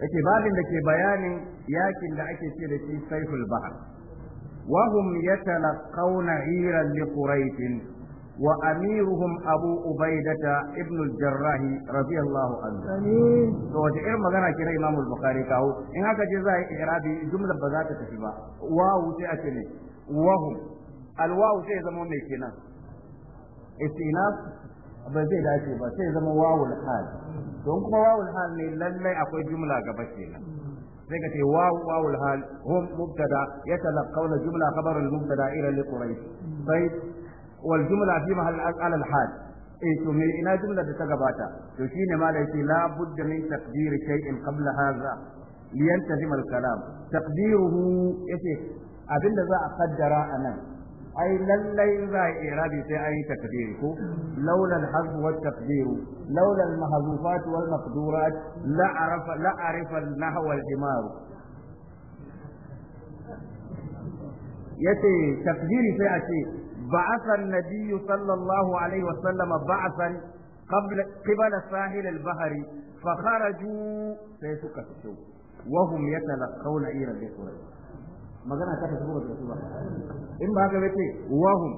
yake babin da ke bayanin yakin da ake ce da shi saiful bahar wa hum yatalaqawna Hira li quraish wa amiruhum abu ubaidata ibn al-jarrah radiyallahu anhu to wace irin magana ke na imam al-bukhari kawo in haka je za a yi irabi jumla ba za ta tafi ba wawu sai a ce ne wahum alwawu sai ya zama mai kenan istinaf ba zai dace ba sai zama wawul hal don kuma wawul hal ne lallai akwai jumla gaba kenan sai ka ce wawu wawul hal hum mubtada yatalaqawna jumla khabar al mubtada ila li quraish sai wal jumla fi mahall al hal eh to me ina jumla da ta gabata to shine ma da yake la budda min taqdir shay'in qabla hadha liyantazim al kalam taqdiruhu yace abinda za a kaddara anan ai lallai za a irabi sai an yi takdiri ko laula al-hazf wa taqdir laula al-mahzufat wal maqdurat la arafa yace takdiri sai a ce ba'atha an-nabiy sallallahu alaihi wa sallama ba'athan al sai suka fito wa hum yatalaqawna magana ta tafi ba su ba in ba haka ba ce wahum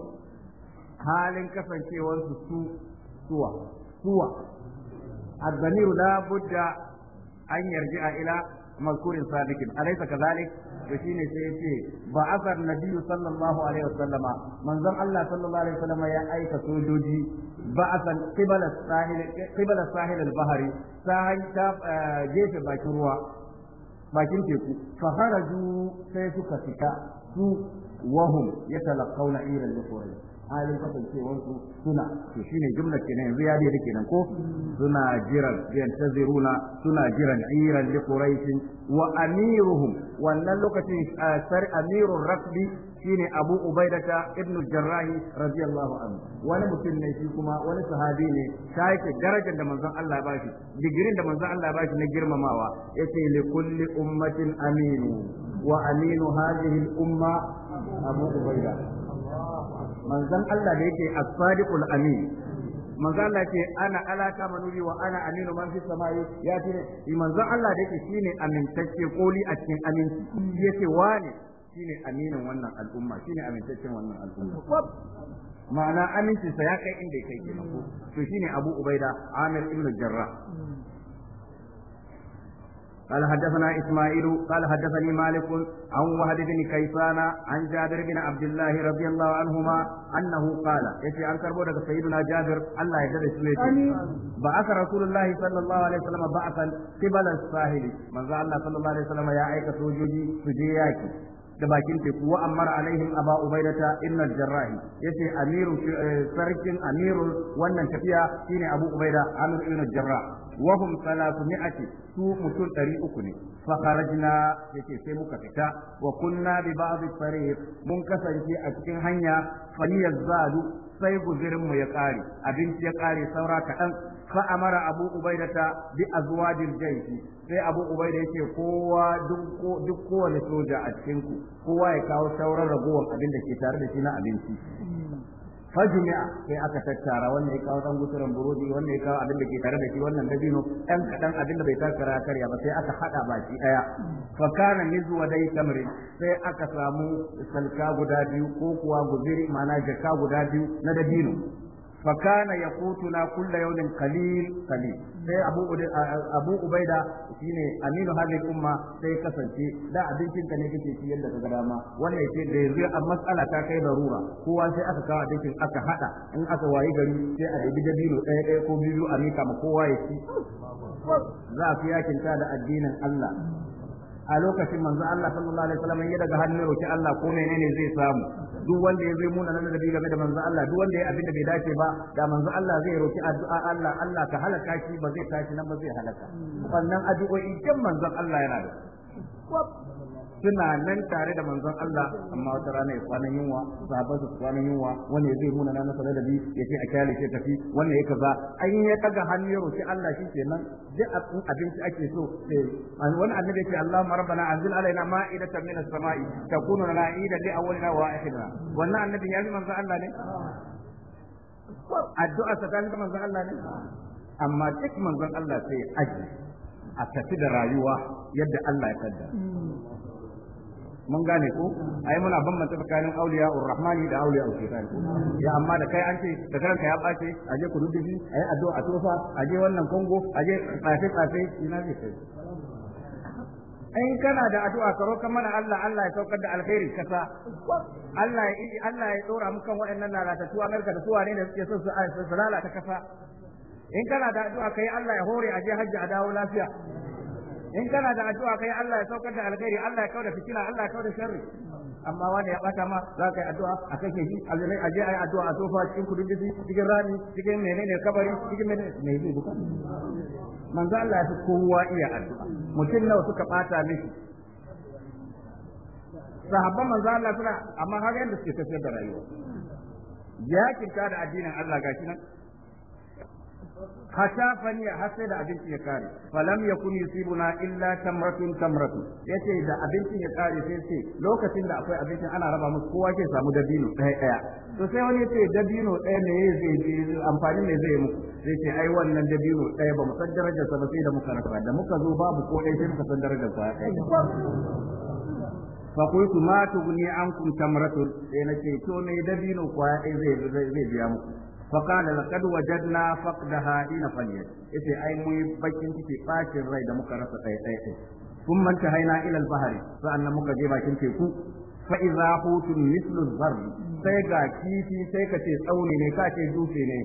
halin kasancewar su suwa. suwa suwa الضمير لا بد أن يرجع إلى مذكور سابق أليس da to shine sai yace ba na nabiyyu sallallahu alaihi wasallama manzon Allah sallallahu alaihi wasallama ya aika sojoji ba asan qibala sahil qibala sahil al-bahri sahin ta eh, gefe bakin ruwa bakin teku fa haraju sai suka fita su wahum yatalaqawna ira al-quraysh halin kasancewar su suna to shine jumla kenan yanzu ya da kenan ko suna jiran yantaziruna suna jiran iran li quraish wa amiruhum wannan lokacin sar amirur rakbi shine abu ubaidata ibnu jarrahi radiyallahu anhu wani mutum ne shi kuma wani sahabi ne shaike darajar da manzon Allah ya bashi digirin da manzon Allah ya bashi na girmamawa yace li kulli ummatin aminu wa aminu hadhihi al umma abu ubaida manzan Allah da yake as-sadiqul amin manzan Allah ce ana alaka ta manubi wa ana aminu man fi samai ya ce eh, manzan Allah da yake shine amintacce koli a cikin aminci yake wane shine aminin wannan al'umma shine amintaccen wannan al'umma ma'ana amincinsa ya kai inda yake kai kenan to shine Abu Ubaida Amir ibn Jarrah قال حدثنا إسماعيل قال حدثني مالك عن وهب بن كيسان عن جابر بن عبد الله رضي الله عنهما أنه قال يتي عن كربونك سيدنا جابر الله يجد اسمه بعث رسول الله صلى الله عليه وسلم بعثا قبل الساحل من الله صلى الله عليه وسلم يا أيك سوجودي سجياكي da bakin teku wa ammar alaihim aba ubaidata ibn al-jarrah yace amirul sarkin amirul wannan tafiya shine abu ubaida amir ibn al-jarrah wa hum salasumi'ati su mutum ɗari uku ne fa kharajna yace sai muka fita wa kunna bi ba'd tariq mun kasance a cikin hanya fa Zalu, sai guzirin ya kare abinci ya ƙare saura kaɗan fa mara abu da ta bi a zuwa jirgin shi, sai abu da yake kowa duk kowane soja a cikin kowa ya kawo sauran ragowar abin da ke tare da shi na abinci fajumi'a sai aka tattara wannan ya kawo dan burodi wannan ya kawo abin da ke tare da shi wannan dabino dan kadan abin da bai takara karya ba sai aka hada baki daya fa kana wa dai tamrin sai aka samu salka guda biyu ko kuwa guziri ma'ana jaka guda biyu na dabino fa kana yaqutuna kullu yawmin qalil qalil sai abu ubaida shine aminu hadhihi umma sai kasance da abincin ka ne kake ci yadda ka ga dama wannan ce da yanzu a matsala ta kai darura kowa sai aka kawo abincin aka hada in aka wayi gari sai a rubi dabino ɗaya ɗaya ko biyu a mika ma kowa ya ci za a fi yakin ta da addinin Allah a lokacin manzo Allah sallallahu alaihi wasallam ya daga hannu roki Allah ko menene zai samu duk wanda ya zai muna nan da game da manzo Allah duk wanda ya abin da bai dace ba da manzo Allah zai roki addu'a Allah Allah ka halaka shi ba zai tashi nan ba zai halaka wannan addu'o'i kan manzon Allah yana da suna nan tare da manzon Allah amma wata rana ya kwana yunwa sahabban su kwana yunwa wani ya zai muna na nasa da bi ya ce a kyale ke tafi wanda ya kaza an ya daga hannu ya roki Allah shi kenan ji abinci ake so sai eh, wani annabi ya ce Allahumma rabbana anzil alaina ma'idatan minas sama'i takunu lana idan li awwalina wa akhirina wannan annabi ya yi manzon Allah ne addu'a ta ta manzon Allah ne amma duk manzon Allah sai ya aji a tafi da rayuwa yadda Allah ya kaddara mun gane ko ai muna bambanta tsakanin auliya urrahmani da auliya shaytan ya amma da kai an ce da kanka ya bace a je kudu dubi ai addu'a a tofa a je wannan kongo a je tsafe tsafe ina zai kai in kana da addu'a karo kan mana Allah Allah ya saukar da alkhairi kasa Allah ya Allah ya dora mu kan waɗannan lalatattu Amerika da suwa ne da suke son su lalata kasa in kana da addu'a kai Allah ya hore a je hajji a dawo lafiya in kana da addu'a kai Allah ya saukar da alkhairi Allah ya kauda fitina Allah ya kauda sharri amma wanda ya bata ma za ka yi addu'a a kashe shi a zai aje ai addu'a a sofa cikin kudin bisi cikin rani, cikin menene kabari cikin menene mai zai duka manzo Allah ya fi kowa iya addu'a mutum nawa suka bata mishi sahabban manzo Allah suna amma har yanda suke tafiyar da rayuwa ya kinta da addinin Allah gashi nan hashafani har sai da abincin ya kare falam yakun yusibuna illa tamratun tamratu yace da abincin ya kare sai sai lokacin da akwai abincin ana raba musu kowa ke samu dabino ɗaya ɗaya to sai wani yace dabino ɗaya ne zai amfani ne zai muku zai ce ai wannan dabino ɗaya ba mu san darajar sa ba sai da muka rasa da muka zo babu ko ɗaya sai muka san darajar sa fa qultu ma tughni ankum tamratun sai nace to ne dabino kwaya ɗaya zai zai biya muku da فقال لقد da فقدها na فنيت yace ai mun bakin ciki bacin rai da muka rasa tsaye tsaye kun manta haina ila al-bahri sa'annan muka je bakin teku fa idza hutun mislu sai ga kifi sai ka ce tsauni ne ka dutse ne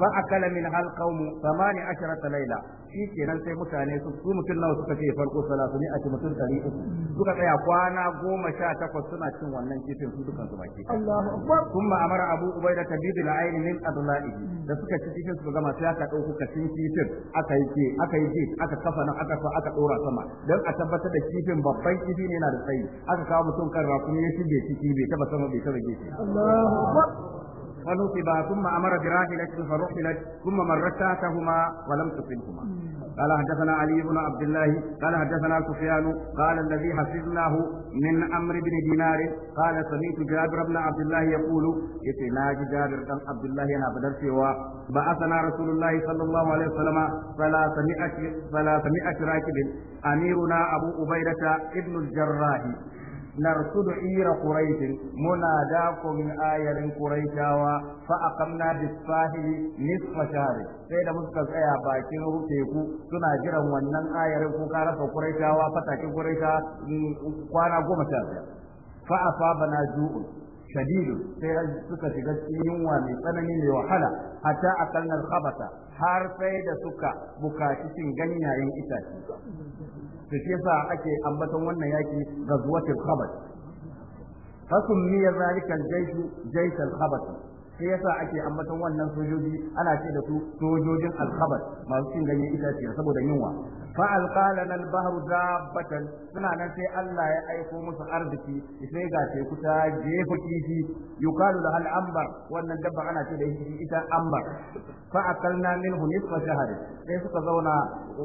fa akala min hal qawmu 18 layla shi kenan sai mutane su su mutum nawa suka ce farko salatu ne a ci mutum 300 suka tsaya kwana goma 18 suna cin wannan kifin su dukan su baki Allahu akbar kuma Abu Ubaida da al-ayn min adla'i da suka ci kifin su gama sai aka dauko kacin kifin aka yi aka yi ke aka kafa nan aka aka dora sama dan a tabbatar da kifin babban kifi ne yana da tsayi aka kawo mutum kan rakumi ya shige ciki bai taba sama bai taba gefe فنصبا ثم امر براحلته فرحلت ثم مرت تحتهما ولم تصبهما قال حدثنا علي بن عبد الله قال حدثنا سفيان قال الذي حفظناه من امر بن دينار قال سمعت جابر بن عبد الله يقول يتي ناجي جابر بن عبد الله انا بدر سوى بعثنا رسول الله صلى الله عليه وسلم ثلاثمائة ثلاثمائة راكب اميرنا ابو عبيدة ابن الجراح narsudu ira quraish muna dakon ayarin kuraitawa fa aqamna bis sahili nisfa shahr sai da muka tsaya bakin teku suna jiran wannan ayarin ko ka rasa quraishawa fatakin quraisha mm, goma sha biyar fa asabana ju'un shadidu sai suka shiga cikin yunwa mai tsanani mai wahala hatta akalnar khabata har sai da suka bukaci cin ganyayin itace da shi yasa ake ambaton wannan yaki ghazwatul khabat fasummi zalika al-jaysh jaysh al-khabat sai yasa ake ambaton wannan sojoji ana ce da su sojojin al masu cin ganyen itaciya saboda yunwa fa’alƙa lana albahar dabbatan suna nan sai Allah ya aiko musu arziki sai ga teku ta jefa kifi yi kalu da al’ambar wannan dabba ana ce da shi ita ambar fa’akal na min hunis wa shahari sai suka zauna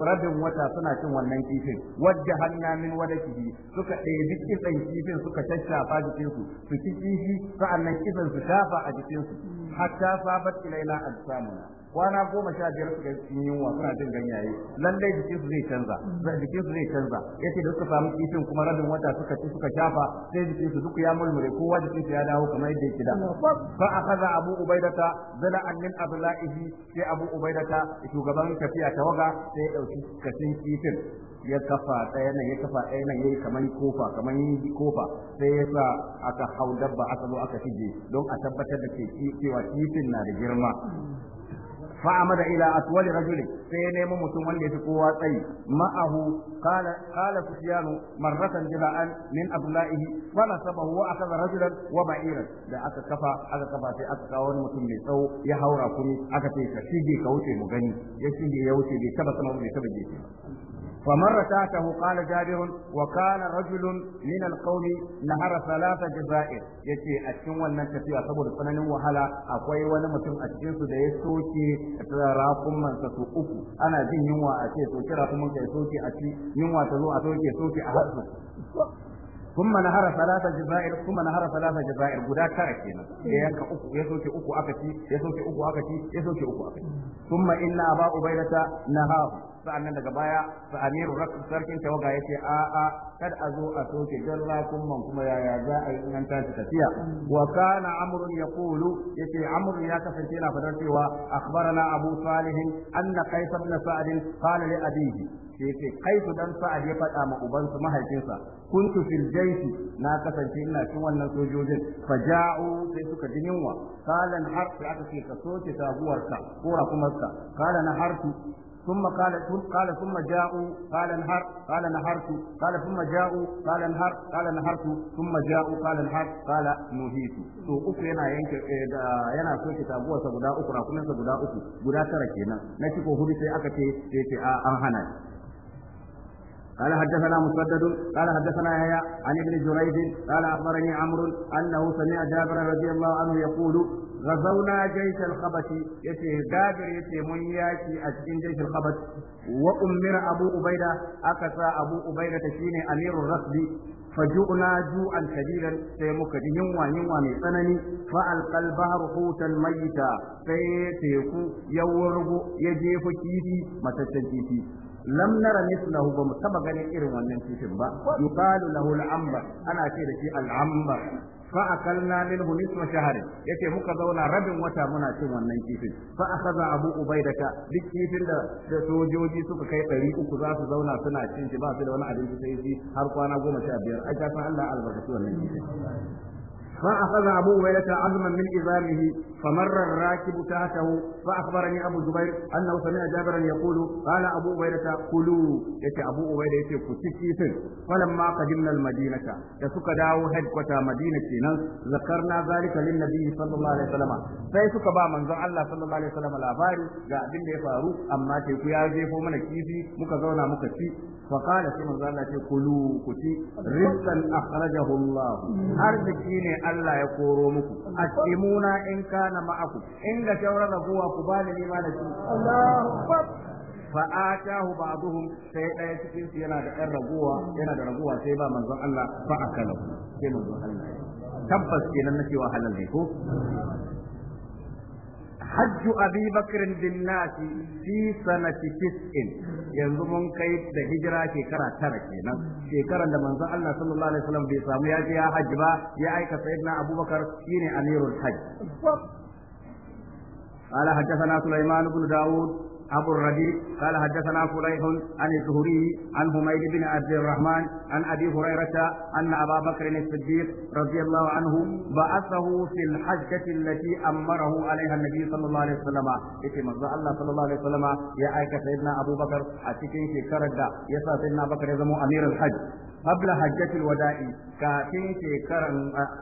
rabin wata suna cin wannan kifin wadda hanna min wada kifi suka ɗaya kitsen kifin suka shashafa jikinsu su ci kifi sa’an nan kifin su shafa a jikinsu. hatta sabat ilaina ajsamuna kwana goma sha biyar suka cikin yunwa suna jin ganyaye lallai jikin su zai canza jikin su zai canza yace da suka samu kifin kuma rabin wata suka ci suka shafa sai jikin su duk ya murmure kowa jikin su ya dawo kamar yadda yake da fa akhadha abu ubaidata zala an min abla'ihi sai abu ubaidata shugaban tafiya tawaga sai ya dauki kashin kifin ya kafa ɗaya nan ya kafa ɗaya nan ya yi kamar kofa yin kofa sai ya sa aka hau dabba aka zo aka fije don a tabbatar da cewa kifin na da girma فعمد إلى mutum wanda ya ممتم ولي في قوة kala معه marratan قال min مرة wa nasabahu wa akaza rajulan wa ba'iran da aka kafa aka kafa sai aka kawo wani mutum mai tsawo ya haura kuni, aka ce ka shige ka wuce mu gani ya shige ya wuce bai taba sama bai taba gefe فمر تحته قال جابر وكان رجل من القوم نهر ثلاث جزائر yace a cikin wannan tafiya saboda tsananin wahala akwai wani mutum a cikin su da ya soke rafun su uku ana jin yunwa a ce soke da mansa ya soke a ci yunwa ta zo a soke a ثم نهر ثلاثة جزائر ثم نهر ثلاثة جزائر guda kenan ya soke uku aka ci ya soke uku aka ci ya soke uku aka ci ثم إن أبا عبيدة نهاه sa'annan daga baya sa amiru sarkin tawaga yace a a kad a zo a soke jarrakun man kuma yaya za a yi in an tashi tafiya mm. wa kana amrun yaqulu yace amr ya kasance yana fadar cewa akhbarana abu salih anna qais ibn sa'd qala li abihi sai yace qais dan sa'd ya fada ma ubansa mahaifinsa kuntu fil jayshi na kasance ina cikin wannan sojojin faja'u sai suka ji yunwa qala har sai aka ce ka soke taguwarka ko rakumarka qala na hartu ثم قال قال ثم جاءوا قال انهر قال نهرت قال ثم جاءوا قال انهر قال نهرت ثم جاءوا قال انهر قال نهيت to uku yana yanke yana so ki tabuwa sa guda uku rakunan sa guda uku guda tara kenan na ko hudu sai aka ce sai a an hana قال حدثنا مسدد قال حدثنا يحيى عن ابن جريج قال اخبرني عمرو انه سمع جابر رضي الله عنه يقول غزونا جيش الخبش يتي جابر يتي من ياكي أجين جيش الخبش وأمر أبو أبيدة أكسى أبو أبيدة شيني أمير الرصد فجئنا جوعا شديدا سيمك ينوى ينوى من سنني فألقى البحر حوتا ميتا سيتيكو يورغو يجيف كيدي متسجيتي lam nara mislahu ba mu taba ganin irin wannan kifin ba yuqalu lahu al amba ana ce da shi al amba fa akalna minhu nisfa shahr yake muka zauna rabin wata muna cin wannan kifin fa akhadha abu ubaidata duk kifin da da sojoji suka kai 300 za su zauna suna cin shi ba su da wani abinci sai har kwana goma 15 ai ka san Allah albarkatu wannan kifin فأخذ أبو ويلة عظما من إزامه فمر الراكب تحته فأخبرني أبو الزبير أنه سمع جابرا يقول قال أبو ويلة كلوا يتي أبو ويلة كتكيس فلما قدمنا المدينة يسك داو هدكوتا مدينة ذكرنا ذلك للنبي صلى الله عليه وسلم فيسك با من الله صلى الله عليه وسلم الأباري قاعدين يفارو أما تيكو يا جيفو من كيفي مكزونا مكتي فقال سيما زالة كلوا كتي رزقا أخرجه الله أرزقيني ألا يقوروا مكو أسلمونا إن كان معكم إن شورا ربوا قبال لما نشي الله أكبر فآتاه بعضهم سيدا يسكين سينا دقر ربوا ينا دربوا سيبا من ذا الله فأكله سيما الله tabbas kenan na cewa halal ne ko hajju abi bakrin bin nasi fi yanzu mun kai da hijira shekara tara kenan shekaran da manzon Allah sallallahu alaihi wasallam bai samu ya je ya hajji ba ya aika sayyidina abubakar shine amirul hajj قال na سليمان بن داود أبو الربيع قال حدثنا فليح عن الزهري عن حميد بن عبد الرحمن عن أبي هريرة أن أبا بكر الصديق رضي الله عنه بعثه في الحجة التي أمره عليها النبي صلى الله عليه وسلم إتي الله صلى الله عليه وسلم يا أيك سيدنا أبو بكر أتكين في كرد يسا سيدنا بكر يزمو أمير الحج Habla hajjatil wada'i kafin shekaran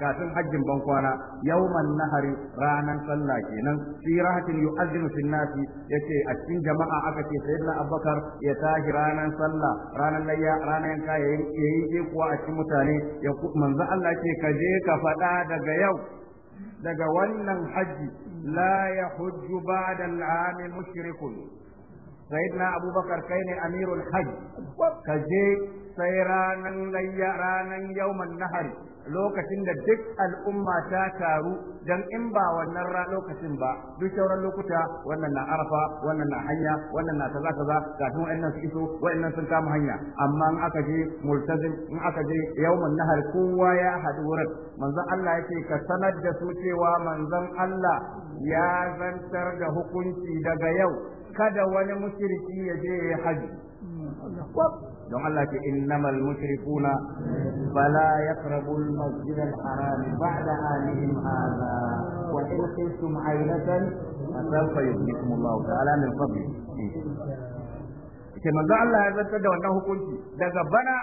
kafin hajjin bankwana yawman nahari ranan sallah kenan sirahatin yu'azzinu fil nasi yace a cikin jama'a aka ce sayyidina abubakar ya tashi ranan sallah ranan layya ranan kaya yayi kuwa a cikin mutane ya manzo Allah ce ka je ka faɗa daga yau daga wannan hajji la yahujju ba'da al'ami mushrikun sayyidina abubakar kai ne amirul Hajji ka je sai ranar layya ranar yawman nahar lokacin da duk al'umma ta taru dan in ba wannan ran lokacin ba duk sauran lokuta wannan na arfa wannan na hanya wannan na kaza kaza kafin wannan su iso wannan sun kama hanya amma in aka je multazim in aka je yawman nahar kowa ya haɗu wurin manzon Allah yake ka sanar da su cewa manzon Allah ya zantar da hukunci daga yau kada wani mushriki ya je ya haji hmm. don Allah ke innamal mushrikuna fala yaqrabul masjidal haram ba'da anihim hadha wa in kuntum ailatan fasawfa yughnikum Allah ta'ala min fadli ke manzo Allah ya zartar da wannan hukunci daga bana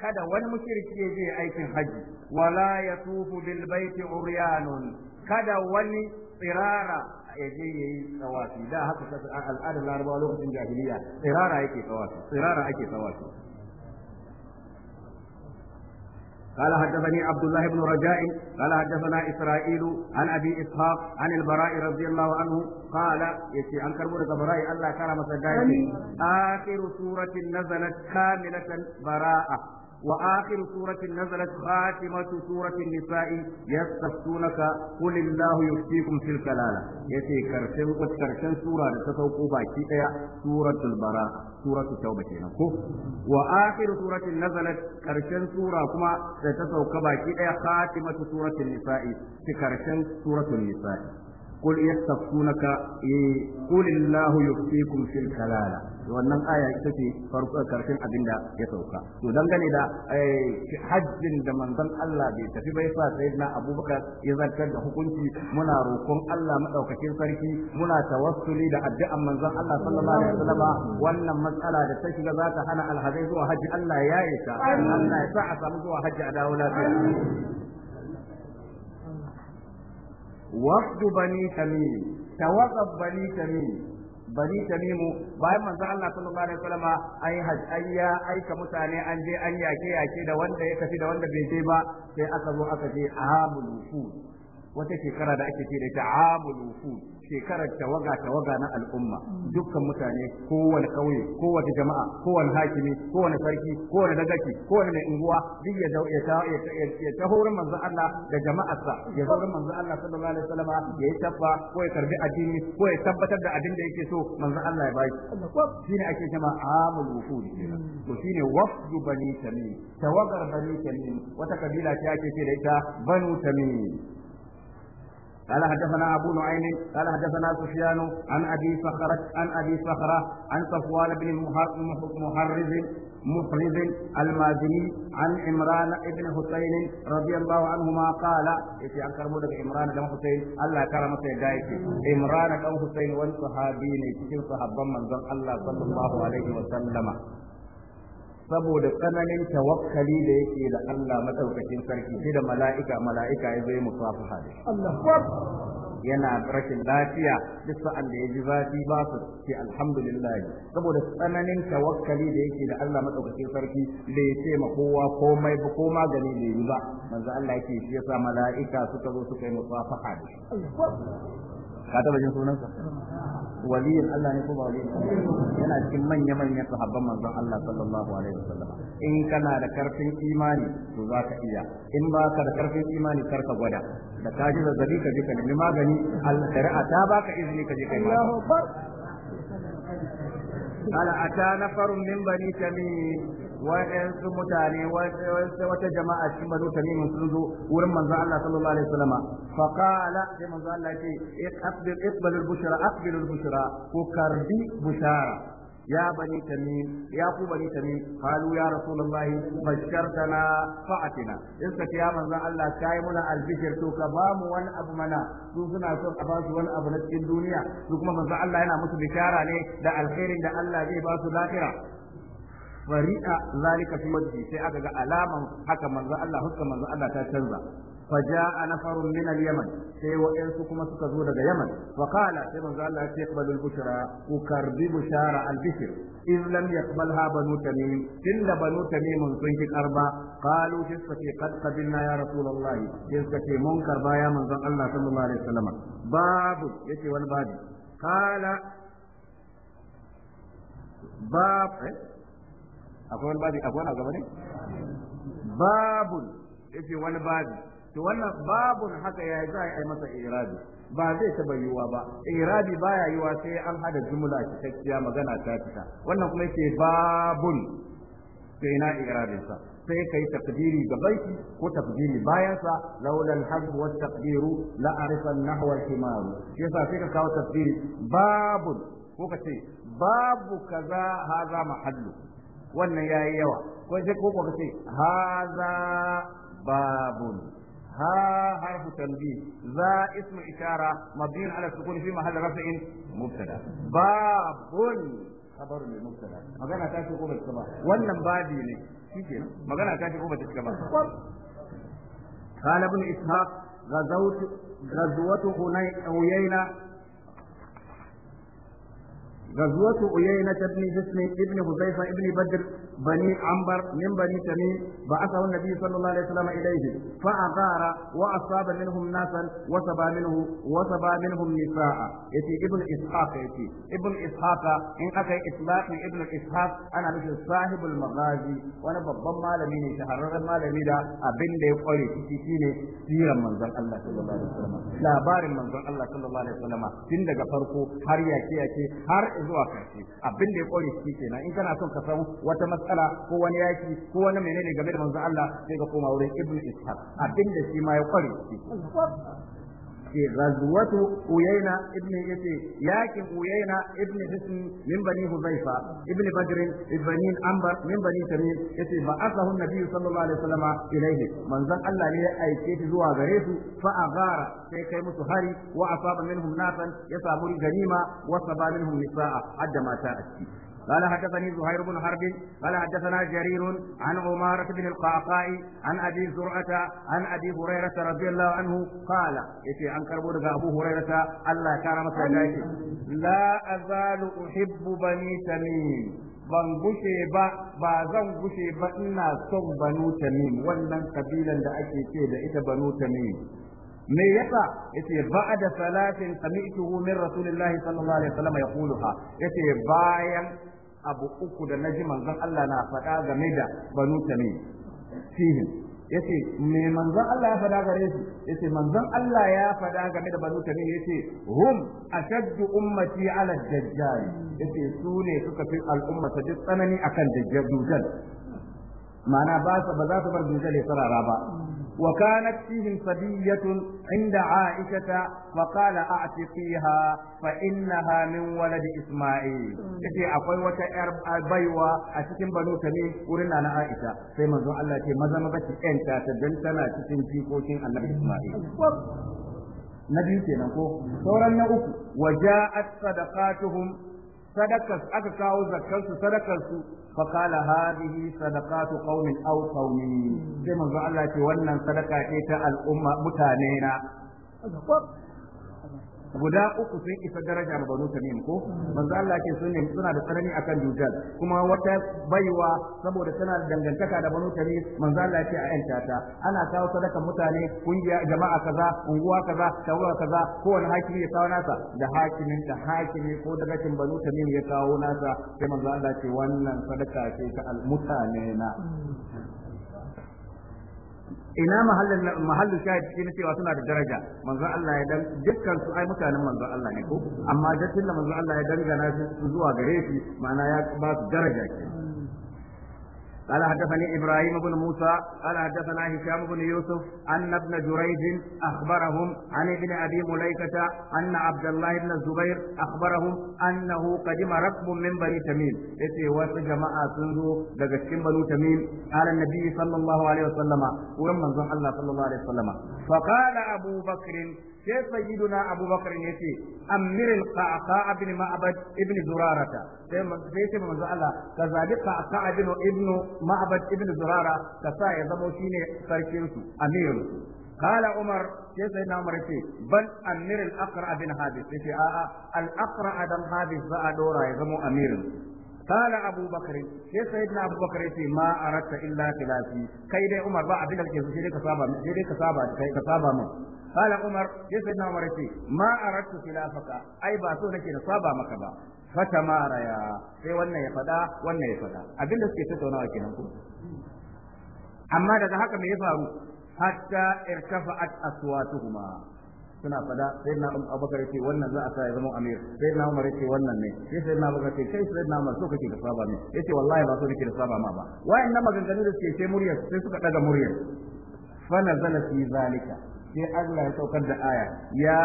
kada wani mushriki ya je aikin haji wala yatufu bil baiti uryanun kada wani tsirara ya je ya yi tsawafi da haka al'adar larabawa lokacin jahiliya tsirara yake tsawafi tsirara ake tsawafi قال حدثني عبد الله بن رجاء قال حدثنا اسرائيل عن ابي اسحاق عن البراء رضي الله عنه قال يتي عن كربون براء الله كرم سدائي اخر سوره نزلت كامله براءه وآخر سورة نزلت خاتمة سورة النساء يستفتونك قل الله يفتيكم في الكلالة يتي كرشن كرشن سورة لتسوقوا باكي سورة البراءة سورة التوبة وآخر سورة نزلت كرشن سورة كما لتسوقوا باكي خاتمة سورة النساء كرشن سورة النساء قل يستفتونك قل الله يفتيكم في الكلالة wannan aya ita ce farko karshen abin da ya sauka to dangane da eh, hajjin da manzon Allah bai tafi bai sa sayyidina Abubakar ya zartar da hukunci muna roƙon Allah madaukakin sarki muna tawassuli da addu'an manzon Allah sallallahu alaihi wasallam wannan matsala da ta shiga za ta hana alhazai zuwa hajji, Allah ya yi ta Allah ya sa a samu zuwa hajji a dawo lafiya وفد بني تميم توقف بني تميم bani tamimu bayan manzo Allah sallallahu alaihi wasallam ai haj ayya aika mutane an je an yake yake da wanda ya tafi da wanda bai je ba sai aka zo aka je ahabul wufud wata shekara da ake ce da ita amul wufud shekarar tawaga tawaga na al'umma dukkan mutane kowane kauye kowace jama'a kowane hakimi kowane sarki kowane dagaci kowane mai unguwa duk ya zau ya ta horin manzo Allah da jama'arsa ya zo manzo Allah sallallahu alaihi wasallam ya yi tabba ko ya karbi addini ko ya tabbatar da abin da yake so manzo Allah ya bashi shine ake cewa amul wufud to shine wafdu bani tamim tawagar bani tamim wata kabila ce ake ce da ita banu tamim قال حدثنا أبو نعيم قال حدثنا سفيان عن أبي صخرة عن أبي صخرة عن صفوان بن محرز محرز المازني عن عمران بن حسين رضي الله عنهما قال يتي عن كرمو دك عمران بن حسين الله كرم سيدايتي عمران بن حسين وان صحابي ne cikin sahabban manzon Allah sallallahu alaihi wa sallama saboda tsananin tawakkali da yake da Allah matsaukakin sarki sai da mala'ika mala'ika ya zo musu da yana rashin lafiya duk sa'an da ya ji zafi ba su ce alhamdulillah saboda tsananin tawakkali da yake da Allah matsaukakin sarki da ya ce ma kowa komai ba ko magani da yi ba manzo Allah yake shi yasa mala'ika suka zo suka yi musu da ka taba jin sunansa waliyin Allah ne ko ba waliyin yana cikin manya manyan sahabban manzon Allah sallallahu alaihi wasallam in kana da karfin imani to za ka iya in ba ka da karfin imani kar ka gwada da ka ji zazzabi ka je ka nemi magani Allah shari'a ta baka izini ka je kai magani قال أتى نفر من بني تميم wa'ansu mutane wata jama'a cikin bazo tamimin sun zo wurin manzo Allah sallallahu alaihi wasallam fa qala sai manzo Allah ce iqbil iqbil al-bushra aqbil al-bushra ku karbi bushara ya bani tamim ya ku bani tamim halu, ya rasulullahi bashartana fa'atina in ka ya manzo Allah kai muna albishir to ka ba mu wani abu mana su suna son a ba su wani abu na cikin duniya su kuma manzo Allah yana musu bishara ne da alkhairin da Allah zai ba su lafiya. fari'a zalika fi wajhi sai aka ga alaman haka manzo Allah huska manzo Allah ta canza Fa فجاء نفر من yaman, sai wa'ansu kuma suka zo daga Yaman wa qala sai manzo Allah ya yaqbalu al-bushra ku karbi bushara al-bishr in lam yaqbalha banu tamim illa banu tamim sun ki karba qalu tisfati qad qabilna ya rasulullah yasfati mun karba ya manzo Allah sallallahu alaihi wasallam babu yace wani babu qala bab eh? akwai wani babi akwai wani gaba ne babun ce wani babi to wannan babun haka ya za a yi masa irabi ba zai taba yiwuwa ba irabi baya yiwuwa sai an hada jumla cikakkiya magana ta fita wannan kuma yake babun sai na irabin sa sai kai takdiri ga baiti ko takdiri bayan sa laula al-hadb wa na la arifa an-nahwa al-himar yasa sai ka kawo takdiri babun ko ka ce babu kaza haza mahallu wannan ya yi yawa ko sai ko ko kace haza babun ha harfu tanbih za ismu ishara mabni ala sukun fi mahall raf'in mubtada babun khabaru lil mubtada magana ta ce ko ba ta ba wannan babi ne shike magana ta ce ko ba ta ba قال ابن إسحاق غزوت غزوة هنينة غزوة أيينة بن جسم ابن حذيفة ابن بدر بني عنبر من بني تميم بعثه النبي صلى الله عليه وسلم إليه فأغار وأصاب منهم ناسا وسبى منه وسبى منهم نساء يتي ابن إسحاق يتي ابن إسحاق إن أكي إطلاق ابن إسحاق أنا مثل صاحب المغازي وأنا ببما malami ne shahararren malami da abin da ya kware ciki shine siran manzon Allah sallallahu alaihi wasallam labarin manzon Allah sallallahu alaihi wasallam tun daga farko har yake yake har zuwa karshe abin da ya kore shi kenan in kana son ka san wata matsala ko wani yaki ko wani menene game da manzon Allah sai ka koma wurin ibnu ishaq abin da shi ma ya kore shi ce ghazwatu uyaina ibn yace yakin uyaina ibn hisn min bani huzaifa ibn badr ibn ambar min bani tamim yace ba asahu nabi sallallahu alaihi wasallam ilaihi manzon Allah ne ya aike shi zuwa gare su fa agara sai kai musu hari wa asaba minhum nafan ya samu ganima wa saba minhum nisaa adda mata a ciki قال حدثني زهير بن حرب قال حدثنا جرير عن عمارة بن القعقاع عن أبي زرعة عن أبي هريرة رضي الله عنه قال يتي عن كربو أبو هريرة الله كان مسألة لا أزال أحب بني تميم ban gushe ba ba zan gushe ba ina son banu tamim wannan kabilan da ake ce da ita banu tamim me yasa yace ba'da salatin sami'tuhu min rasulillahi sallallahu alaihi wasallam yaquluha yace bayan abu uku da naji manzon Allah na faɗa game da banu tamim fihim yace me manzon Allah ya faɗa gare su yace manzon Allah ya faɗa game da banu tamim yace hum ashaddu ummati ala dajjal yace su ne suka fi al'umma ta duk tsanani akan dajjal ma'ana ba ba za su bar dajjal ya tsara ba وكانت فيهم صبية عند عائشة فقال أعتقيها فإنها من ولد إسماعيل تجي أقوي وتأرب بيوة أتكن بنو تميم ورنا أنا عائشة في منظور الله تي مزم بس أنت تدلتنا تتن في كوتين النبي إسماعيل نبي kenan ko sauran وجاءت صدقاتهم waja'at sadaqatuhum sadakas aka فقال هذه صدقات قوم أو قوم زي ما قال لك وانا صدقة الأمة متانينا guda uku sun isa daraja ma banu tamim ko manzo Allah ke so ne suna da tsanani akan dujal kuma wata baiwa saboda tana da dangantaka da banu tamim manzo Allah ke a yanta ta ana kawo sadaka mutane kungiya jama'a kaza unguwa kaza shawara kaza kowane hakimi ya kawo nasa da hakimin da hakimi ko daga cikin banu tamim ya kawo nasa sai manzo Allah yake wannan sadaka ce ta almutane na ina mahallin mahallin shahid shi ne cewa suna da daraja manzo Allah ya dan dukkan su ai mutanen manzo Allah ne ko amma da da manzo Allah ya dangana su zuwa gare shi ma'ana ya ba su daraja kenan قال حدثني إبراهيم بن موسى قال حدثنا هشام بن يوسف أن ابن جريج أخبرهم عن ابن أبي مليكة أن عبد الله بن الزبير أخبرهم أنه قدم ركب من بني تميم إتي وسط جماعة سنزو دقشكم بنو تميم على النبي صلى الله عليه وسلم ومن الله صلى الله عليه وسلم فقال أبو بكر sai sayyiduna abubakar ne ce amir al-qaqa ibn ma'bad ibn zurarata sai sai ce manzo Allah ka zabi qaqa ibn ibn ma'bad ibn zurara ka sa ya zama shine sarkin su amir قال عمر كيف سيدنا عمر بل أمير الأقرع بن حابس يقول آآ الأقرع بن حابس بقى دورا يزمو أمير قال أبو بكر sai sayyidina Abu Bakar yace ma aratta illa khilafi kai dai Umar ba abin da kake so sai dai ka saba sai dai ka saba قال عمر يا سيدنا عمر ما أردت خلافك أي باسو نكي نصابا مكبا فتمارا يا sai wannan ya fada wannan ya fada abinda suke tattaunawa kenan ko amma daga haka me ya faru hatta irtafa'at aswatuhuma suna fada sai na abubakar ce wannan za a sa ya zama amir sai na umar ce wannan ne sai sai na abubakar ce kai sai na umar so kake da saba ne yace wallahi ba so nake da saba ma ba wayannan maganganu da suke sai muryar sai suka daga muryar fa nazala fi zalika sai Allah ya saukar da aya ya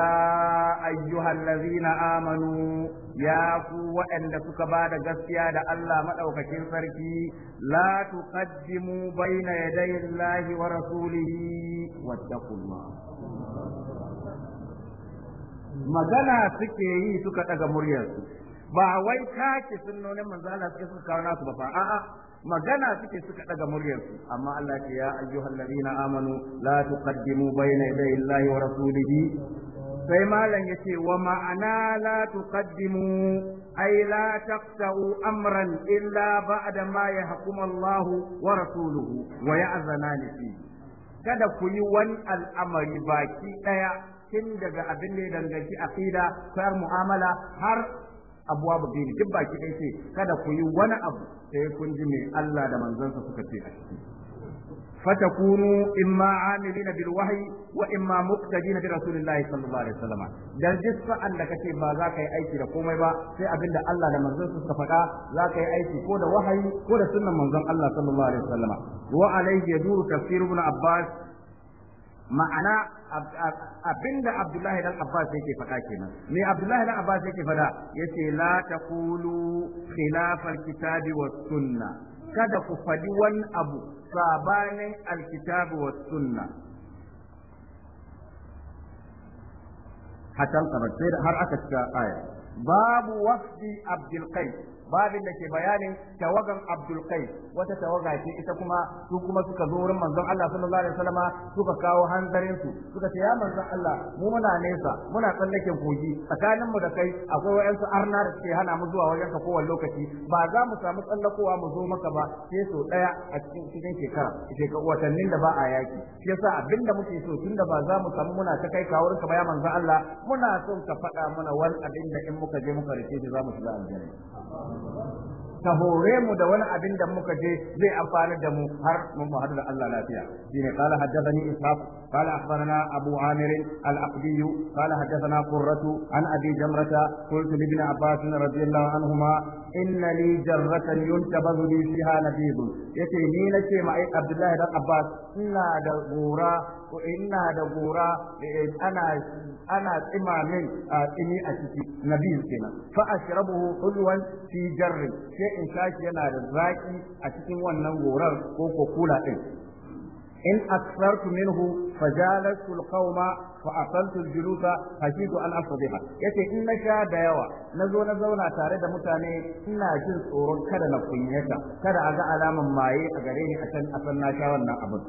ayyuhal ladzina amanu ya ku waɗanda suka ba da gaskiya da Allah madaukakin sarki la tuqaddimu baina yaday Allah wa rasulihi wattaqullah magana suke yi suka daga muryarsu ba wai ce sunnonin manzo Allah suke suka kawo nasu ba fa a'a magana suke suka daga muryarsu amma Allah ce ya ayyuhal ladina amanu la tuqaddimu bayna yadayi Allahi wa rasulihi sai malam yace wa ma'ana la tuqaddimu ay la taqta'u amran illa ba'da ma yahkum Allahu wa rasuluhu wa ya'zana fi kada ku yi wani al'amari baki daya tun daga abin da ya danganci aqida kar mu'amala har abuwa ba biyu duk baki ɗaya ce kada ku yi wani abu sai kun ji me Allah da manzansa suka ce a ciki fatakunu imma amilina bil wahyi wa imma muqtadina bi rasulillahi sallallahu alaihi wasallam dan duk sa'an da kace ba za ka yi aiki da komai ba sai abinda Allah da manzansa suka faɗa za ka yi aiki ko da wahayi ko da sunnan manzon Allah sallallahu alaihi wasallam wa alaihi yaduru tafsir ibn abbas ma'ana abinda Abdullahi dan Abbas yake faɗa kenan me Abdullahi dan Abbas yake faɗa yace la taqulu khilafal kitabi was sunna kada ku faɗi wani abu sabanin alkitabi was sunna hatta har aka cika aya babu wafdi Abdul Qais babin da ke bayanin tawagan Abdul Qais wata tawaga ce ita kuma su kuma suka zo wurin manzon Allah sallallahu alaihi wasallama suka kawo hanzarin su suka ce ya manzon Allah mu muna nesa muna tsallake kogi tsakanin mu da kai akwai wayansu arna da suke hana mu zuwa wajenka ka kowane lokaci ba za mu samu tsallakowa mu zo maka ba sai so daya a cikin cikin shekara ka watannin da ba a yaki shi yasa abinda muke so tunda ba za mu samu muna ta kai kawo ka ba ya manzon Allah muna son ka faɗa mana wani abin in muka je muka rike za mu shiga aljanna tahore hore mu da wani abin da muka je zai amfanar da mu har mun mu da Allah lafiya shine qala haddathani ishaq qala akhbarana abu amir al-aqdi qala haddathana qurratu an abi jamrata qultu li ibn abbas radiyallahu anhuma inna li jarratan yuntabadu fiha nabib yace ni nace ma ai abdullahi dan abbas ina da gora ina da gora eh, ana ana tsima min a tsini a ciki nabiyin kenan fa ashrabuhu hulwan fi jarri sai in shaki yana da zaki a cikin wannan gorar ko kokula din in aksartu minhu fajalatu alqauma fa asaltu aljulusa hashidu an asbiha yace in na sha da yawa nazo na zauna tare da mutane ina jin tsoron kada na kunyata kada a ga alaman maye a gare ni a can a san na sha wannan abin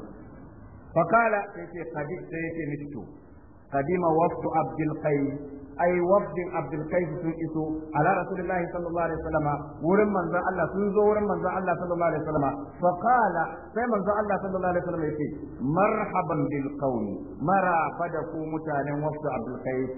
فقال قدمت قديم وفد عبد القيس ai wafdin abdul sun iso ala rasulullahi sallallahu alaihi wasallam wurin manzon Allah sun zo wurin manzon Allah sallallahu alaihi wasallam fa qala sai Allah sallallahu alaihi wasallam yace marhaban bil qaumi maraba da ko mutanen wafdu abdul kaif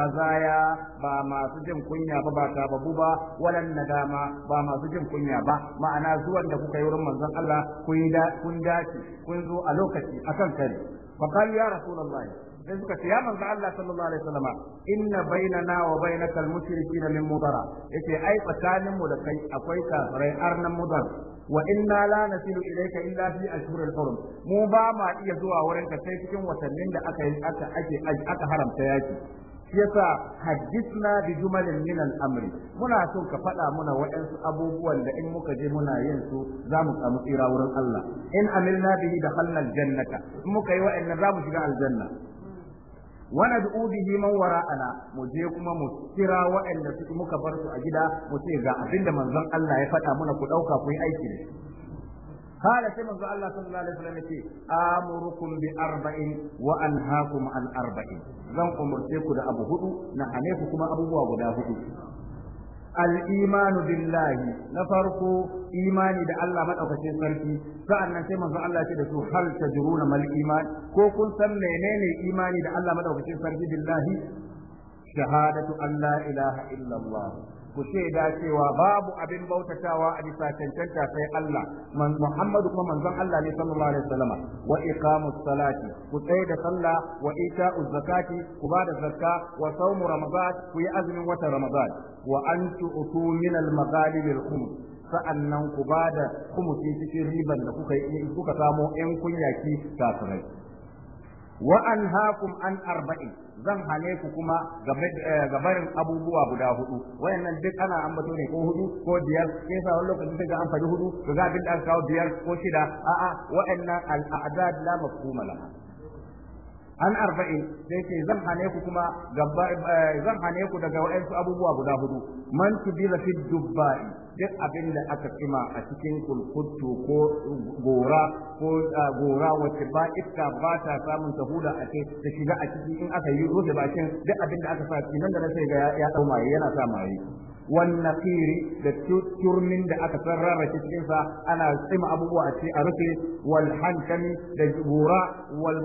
kazaya ba masu jin kunya ba ba ta babu ba walan nadama ba masu jin kunya ba ma'ana zuwan da kuka yi wurin manzon Allah kun dace kun zo a lokaci akan kare fa qala sai suka ce ya manzo Allah sallallahu alaihi wasallam inna bainana wa bainakal mushrikina min mudara yace ai tsakanin mu da kai akwai kafirai arnan mudar wa inna la nasilu ilayka illa fi ashhuril hurum mu ba ma iya zuwa wurin ka sai cikin watannin da aka yi aka ake aka haramta yaki yasa haddithna bi jumalin min al-amri muna so ka faɗa muna waɗansu abubuwan da in muka je muna yin su za mu samu tsira wurin Allah in amilna bihi dakhalna al-jannata in muka yi waɗannan za mu shiga aljanna wana da ubihi man wara ana mu je kuma mu kira waɗanda su muka bar su a gida mu ce ga abinda manzon Allah ya faɗa mana ku ɗauka ku yi aiki ne. Kala sai manzon Allah sallallahu alaihi wasallam yake amurukum bi arba'in wa anhaakum an arba'in zan umurce ku da abu hudu na hane ku kuma abubuwa guda hudu. al-imanu billahi na farko imani da Allah madaukakin sarki sa'annan sai manzo Allah ce da su hal tajruna mal iman ko kun san menene imani da Allah madaukakin sarki billahi shahadatu an la ilaha illallah ku da cewa babu abin bautatawa a bisa cancanta sai Allah man Muhammadu kuma manzon Allah ne sallallahu alaihi wasallam wa iqamus salati ku tsaye da sallah wa ita'uz zakati ku ba da zakka wa sawmu ramadan ku yi azumin watan ramadan wa utuminal tu'tu min al-maghalib al sa'annan ku ba da khumsi cikin riban da kuka yi kuka samo yan kunyaki kafirai wa anhaakum an arba'in zan hane ku kuma gabarin eh, abubuwa guda hudu wayannan duk ana ambato ne ko hudu ko biyar sai sa wani lokacin ga an faɗi hudu to ga abin da kawo biyar ko shida a'a wayannan al'adad la mafhuma laha an arba'in sai ce zan hane ku kuma eh, zan hane ku daga wayansu abubuwa guda hudu man tubila fi dubba'i duk abin da aka tsima a cikin kulkutu ko gora ko ah, gora wacce ba iska ba ta samun ta huda a ce ta shiga a ciki in aka yi rufe bakin duk abin da aka sa cikin nan da na sai ga ya dau maye yana sa maye wan naqiri da turmin da aka san shi cikinsa ana tsima abubuwa a ce a rufe wal da gora wal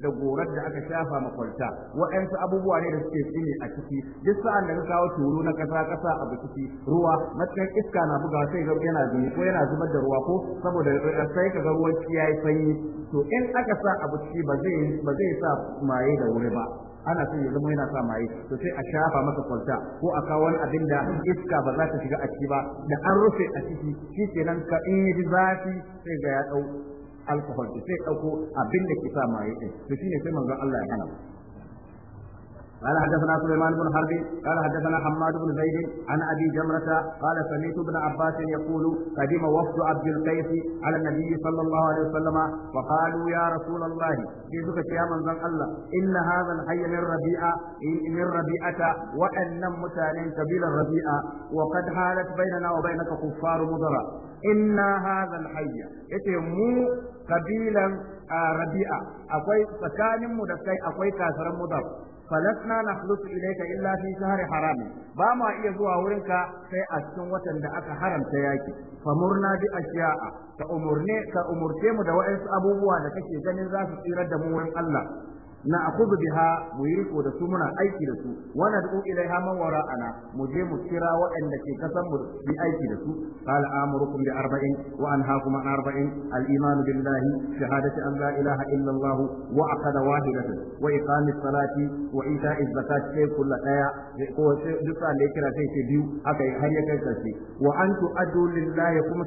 da gorar da aka shafa makwalta Waɗansu abubuwa ne da suke tsine a ciki duk sa'an da ka kawo tulu na kasa kasa a ciki ruwa matsayin iska na buga sai ga yana zuni ko yana zubar da ruwa ko saboda eh, sai ka ga ruwan ciyayi sanyi to in aka sa abu ciki ba zai sa maye da wuri ba ana so ya zama yana sa maye to sai a shafa masa kwalta ko a kawo wani abin da iska ba za ta shiga a ciki ba da an rufe a ciki shi nan ka in yi zafi sai ga ya dau alkohol sai dauko abin da ke sa maye din to shine sai manzon Allah ya hana قال حدثنا سليمان بن حرب قال حدثنا حماد بن زيد عن ابي جمره قال سمعت ابن عباس يقول قدم وفد عبد القيس على النبي صلى الله عليه وسلم فقالوا يا رسول الله جئتك يا من ذن الله ان هذا الحي من ربيعه من ربيعه وان متانين قبيل الربيعه وقد حالت بيننا وبينك كفار مضر ان هذا الحي يتي مو قبيلا ربيعه akwai tsakaninmu da kai akwai kasaran mudar falasna nakhlusu ilayka illa fi shahri haramin, ba ma iya zuwa wurin ka sai a cikin watan da aka haramta yaki famurna bi asya'a ka umurne ka umurce mu da wa'ansu abubuwa da kake ganin za su tsirar da mu wurin Allah na akuzu biha mu yi riko da su muna aiki da su wa nad'u ilaiha man wara'ana mu je mu kira waɗanda ke kasan mu bi aiki da su qala amurukum bi arba'in wa anhaakum an arba'in al-iman billahi shahadati an la ilaha illa wa aqada wahidatan wa iqamis salati wa ita'iz zakati sai kullu daya ko sai duka da kira sai sai biyu aka yi har ya kai karshe wa antu tu'addu lillahi kuma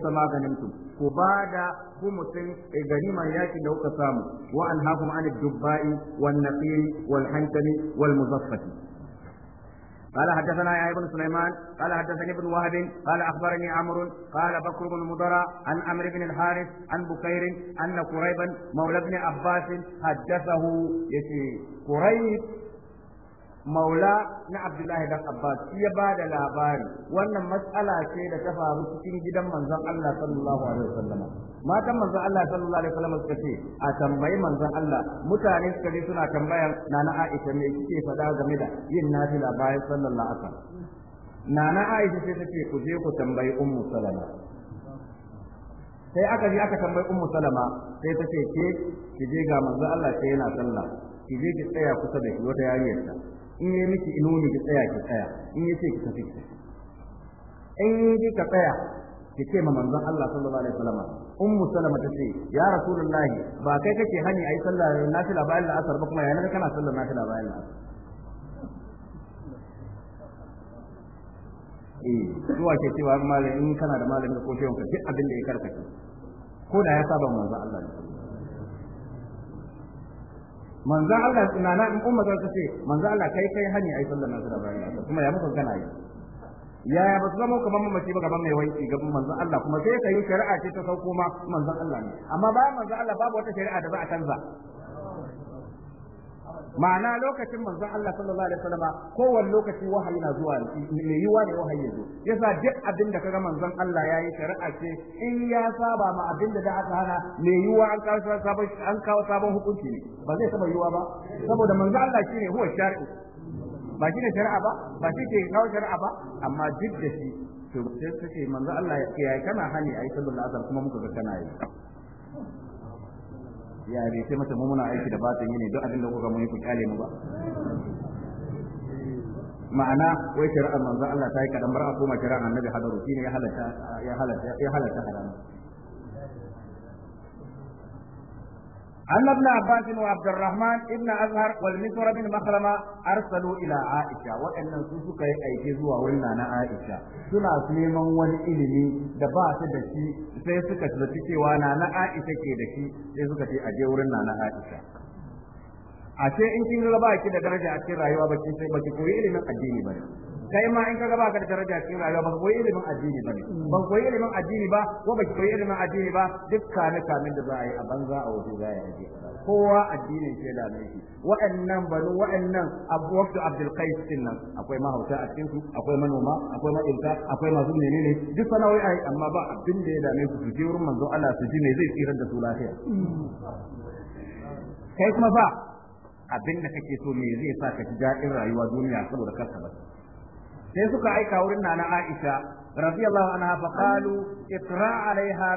ku ku bada ku mutum ganimar yakin da kuka samu wa anhaakum anid dubba'i wan naqiri wal hankali wal muzaffati قال حدثنا يا ابن سليمان قال حدثني ابن وهب قال اخبرني عمرو قال بكر بن مضرع عن عمرو بن الحارث عن بكير ان قريبا مولى ابن عباس حدثه يتي قريب maula na abdullahi dan abbas shi ya ba da labari wannan matsala ce da ta faru cikin gidan manzon allah sallallahu alaihi wasallam matan manzon allah sallallahu alaihi wasallam suka ce a tambayi manzon allah mutane suka je suna tambayan nana aisha me kike faɗa game da yin labari sallallahu sallar wasallam nana aisha sai ta ce ku je ku tambayi ummu salama sai aka je aka tambayi ummu salama sai ta ce ke ki je ga manzon allah sai yana sallah ki je ki tsaya kusa da shi wata yariyarta in yi miki ne ki tsaya ki tsaya in ce ki tafi in ji ka tsaya ki ce ma manzon Allah sallallahu alaihi wasallam ummu salama ce ya rasulullahi ba kai kake hani ayi sallah nafila bayan la'asar ba kuma yana kana sallar nafila bayan la'asar eh zuwa ke cewa malami in kana da malami ko shehu ka ji abin da ya karkace ko da ya saba manzon Allah ne manzan Allah na in umma za ta ce manzon Allah kai kai hani ai sallar nasu da bayan kuma ya muka gana yi yaya ba su zama kamar mamaci ba gaban mai wanki gaban manzan Allah kuma sai ka yi shari'a ce ta sauko ma manzan Allah ne amma bayan manzan Allah babu wata shari'a da za a canza ma'ana lokacin manzon Allah sallallahu alaihi wasallam kowanne lokaci wahayi na zuwa ne yiwa ne wahayi zo yasa duk abin da kaga manzon Allah yayi shari'a ce in ya saba ma abin da aka hana ne yiwa an kawo sabon an kawo sabon hukunci ne ba zai saba yiwa ba saboda manzon Allah shine huwa shari'a ba shine shari'a ba ba shi ke kawo shari'a ba amma duk da shi to sai suke manzo Allah ya kana hani ayi sallallahu alaihi wasallam kuma muka ga kana yi ya ne sai masa mu muna aiki da batun ne duk abin da kuka mun ku kyale mu ba ma'ana wai shari'ar manzo Allah ta yi kadan bar a koma shari'ar annabi hadaru shine ya halatta ya halatta ya أن ابن عباس وعبد الرحمن ابن أزهر والمسور بن مخرمة أرسلوا إلى عائشة وإن نسوسك سوسك أيجزوا ولنا عائشة سنة سليما والإلمي دباس دشي سيسك تبتكي وانا عائشة كي دشي سيسك في أجورنا عائشة ashe إن كنت raba ki درجة daraja رأيوا بكي سيبكي كوي sai baki koyi ilimin kai ma in kaga baka da daraja cikin rayuwa ba koyi ilimin addini ba ba koyi ilimin addini ba ko ba koyi ilimin addini ba duk kame kamin da za a yi a banza a waje za a yi kowa addinin ke da mai wa'annan banu wa'annan abu waqtu abdul qais din nan akwai mahauta a cikin su akwai manoma akwai ma'ilta akwai masu menene duk sana'o'i ai amma ba abin da ya dame su su je wurin manzo Allah su ji me zai tsira da su lafiya kai kuma ba abin da kake so me zai sa ka ji daɗin rayuwa duniya saboda kanka ba sai suka aika wurin nana Aisha radiyallahu anha fa qalu itra alaiha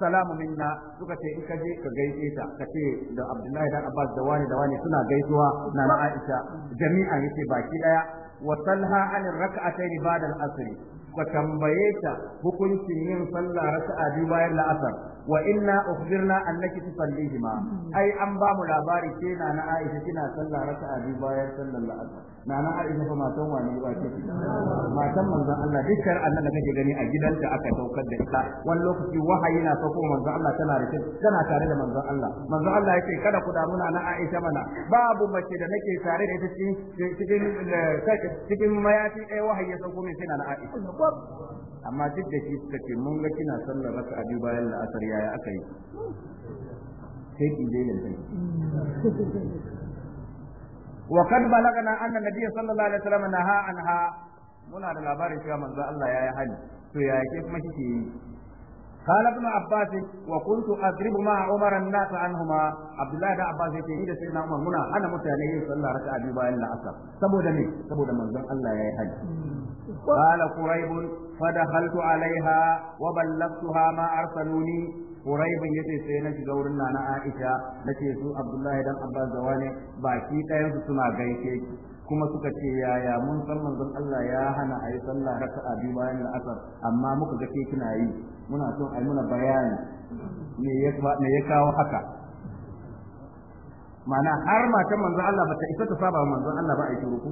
salamu minna suka ce in ka je ka gaishe ta ka ce da Abdullahi dan Abbas da wani da wani suna gaisuwa nana Aisha jami'a yace baki daya wa talha an rak'atayn ba'da al-asr ka tambaye ta hukuncin yin sallah raka'a biyu bayan la'asar wa inna ukhbirna annaki tusallihima ai an ba mu labari kina na Aisha kina sallah raka'a biyu bayan sallar la'asar nana Aisha fa matan wani ba ce matan manzon Allah duk dukkan annan da kake gani a gidanta aka daukar da ita wani lokaci wahayi na sauko manzon Allah tana da tana tare da manzon Allah manzon Allah yake kada ku damu nana Aisha mana babu mace da nake tare da ita cikin cikin cikin mayafi ɗaya wahayi ya sauko min sai nana Aisha amma duk da shi suka ce mun ga kina sallar raka'a biyu bayan la'asar yaya aka yi sai ki daina wa kad na anna nabiy sallallahu alaihi wasallam naha anha muna da labarin cewa manzo Allah ya yi hali to ya yake kuma yi قال ابن عباس وكنت اضرب مع عمر الناس عنهما عبد الله بن عباس da sai na Umar muna hana mutane yin sallah raka'a biyu bayan la'asar saboda me saboda manzon Allah yayi haji قال قريب فدخلت عليها وبلغتها ما أرسلوني ya yace sai na shiga wurin Nana Aisha nace su Abdullahi dan Abbas da wani baki ɗayan su suna gaishe kuma suka ce yaya mun san manzon Allah ya hana a yi sallah raka'a biyu bayan la'asar amma muka ga ke kina yi muna son a yi muna bayani me ya kawo haka ma'ana har matan manzon Allah bata isa ta saba manzon Allah ba a yi ruku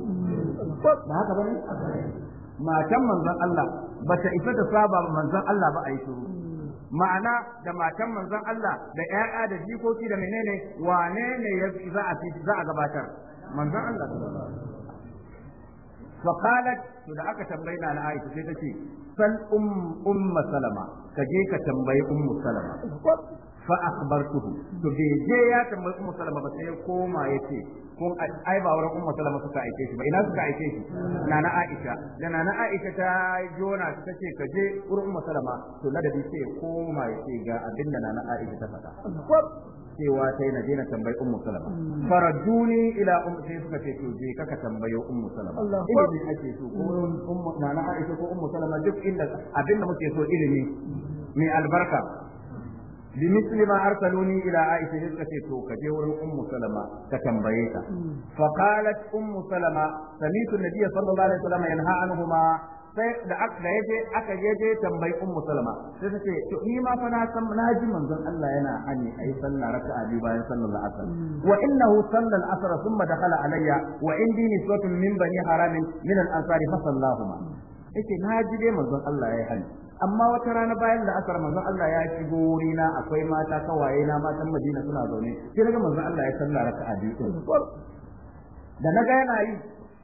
ba haka bane matan manzon Allah bata isa ta saba manzon Allah ba a yi ruku ma'ana da matan manzon Allah da ƴaƴa da jikoki da menene wane ne za a za a gabatar manzon Allah fa qalat to da aka tambayi na Aisha sai tace sal um umma salama kaje ka tambayi ummu salama fa akhbartuhu to bai je ya tambayi ummu salama ba sai ya koma yace kun ai ba wurin ummu salama suka aike shi ba ina suka aike shi nana aisha da nana aisha ta jona ta ce ka je wurin ummu salama to bi ce koma ya ce ga abin da nana aisha ta faɗa cewa sai na je na tambayi ummu salama faraduni ila ummu sai suka ce to je kaka tambayo ummu salama ilimi ake so ko ummu nana aisha ko ummu salama duk inda abin da muke so ilimi mai albarka بمثل ما أرسلوني إلى عائشة كتبت كجور أم سلمة كتنبيت فقالت أم سلمة سمعت النبي صلى الله عليه وسلم ينهى عنهما sai da aka da yaje aka yaje tambayi ummu salama sai ta ce to ni ma fa na san na ji manzon Allah yana hani ayi sallah raka'a biyu bayan sallar asr wa innahu sallal asr thumma dakhala alayya wa indi niswatun min bani haramin min al ansari fa sallahuma yace na ji dai manzon Allah yayi hani amma wata rana bayan da asar manzon Allah ya shigo wuri na akwai mata kawaye na matan Madina suna zaune sai naga manzon Allah ya sallah raka'a biyu da naga yana yi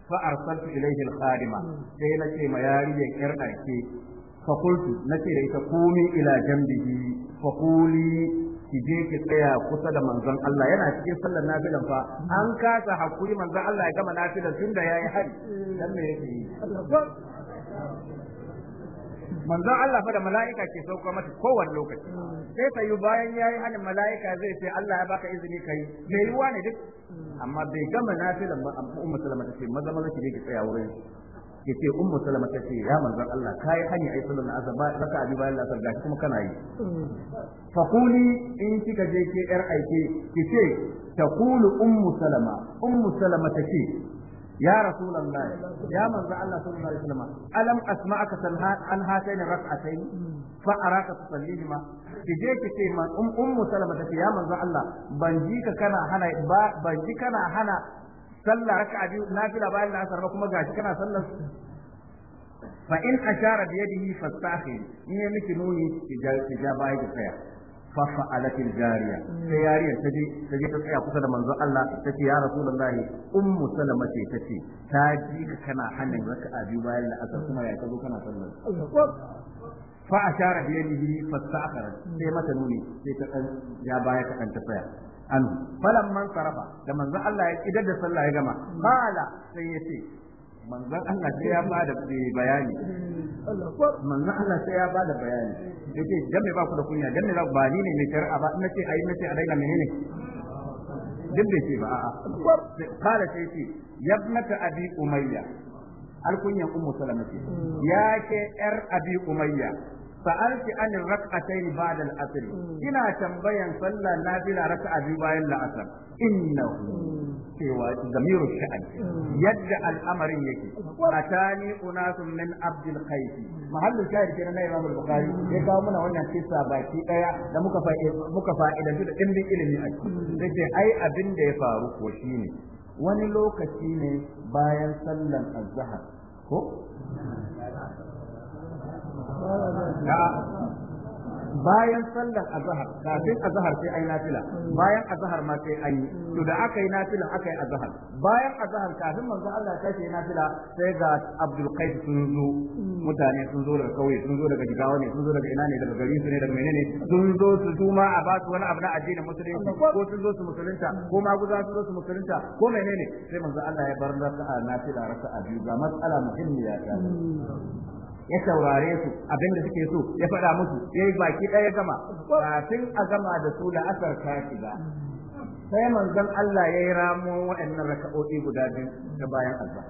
fa arsaltu ilayhi al-khadima sai na ce ma yariyar yar ke, fa qultu nace da ita komi ila jambihi fa quli ki je ki tsaya kusa da manzon Allah yana cikin sallar nafilan fa an kasa hakuri manzon Allah ya gama nafilan tunda yayi hari dan me yake manzon Allah fa da mala'ika ke sauka mata kowane lokaci sai ta yi bayan yayi hannun mala'ika zai ce Allah ya baka izini kai me yi wani duk amma bai gama nafilan ba ummu sallama ta ce maza maza ki je ki tsaya wurin Ke ce ummu salama ta ce ya manzon Allah kai hanya ai sallan azaba zaka abi bayan lasar gashi kuma kana yi fa kuli in kika je ke yar aike ki ce taqulu ummu salama ummu salama ta ce ya rasulullah ya manzo Allah sallallahu alaihi wasallam alam asma'aka tanha an hatayn rak'atayn fa araka tusallihima ki je ki ce man um, ummu salama ta ce ya manzo Allah ban ji ka kana hana ba ban ji kana hana sallah raka'a biyu nafila bayan la'asar ba kuma gashi kana sallar fa in ashara bi yadihi miki nuni ki ja baya fafa alatin jariya ta yariyar ta je ta ta tsaya kusa da manzon Allah ta ce ya rasulullahi ummu salama ce ta ce ta ji ka kana hannun raka a biyu bayan da aka kuma ya zo kana sallar fa ashara bi yadihi fa sai mata nuni sai ta dan ya baya ta kan ta an falan man da manzon Allah ya kidar da sallah ya gama mala sai ya ce manzan Allah sai ya ba da bayani manzan Allah sai ya ba da bayani yake dan me ba ku da kunya dan me ba ni ne mai a ba ina ce ayi ce a daina menene duk bai ce ba a'a kala sai ce yabnata abi umayya alkunyan ummu salama ce ya ce yar abi umayya sa'alti an rak'atayn ba'da al-asr ina tambayan sallah nafila raka'a biyu bayan la'asar innahu cewa zamiru sha'ani yadda al'amarin yake atani unasun min abdul qais mahallu shahid ke na imam al-bukhari ya kawo muna wannan kissa baki daya da muka muka fa'idantu da dimbin ilimi a ciki sai ai abin da ya faru ko shine wani lokaci ne bayan sallan azhar ko bayan sallar azhar kafin azhar sai ai nafila bayan azhar ma sai ai to da aka yi nafila aka yi azhar bayan azhar kafin manzo Allah ta ce nafila sai ga Abdul Qais sun zo mutane sun zo daga kauye sun zo daga gidawa ne sun zo daga ina ne daga gari su ne daga menene sun zo su tuma a ba su wani abu na addinin musulunci ko sun zo su musulunta ko ma guza sun zo su musulunta ko menene sai manzo Allah ya bar raka'a nafila raka'a biyu ga mas'ala muhimmiya ta ya saurare su abinda suke so ya faɗa musu ya yi baki ɗaya gama kafin a gama da su la'asar ta shiga sai manzon Allah ya yi ramo waɗannan raka'o'i guda biyu da bayan azhar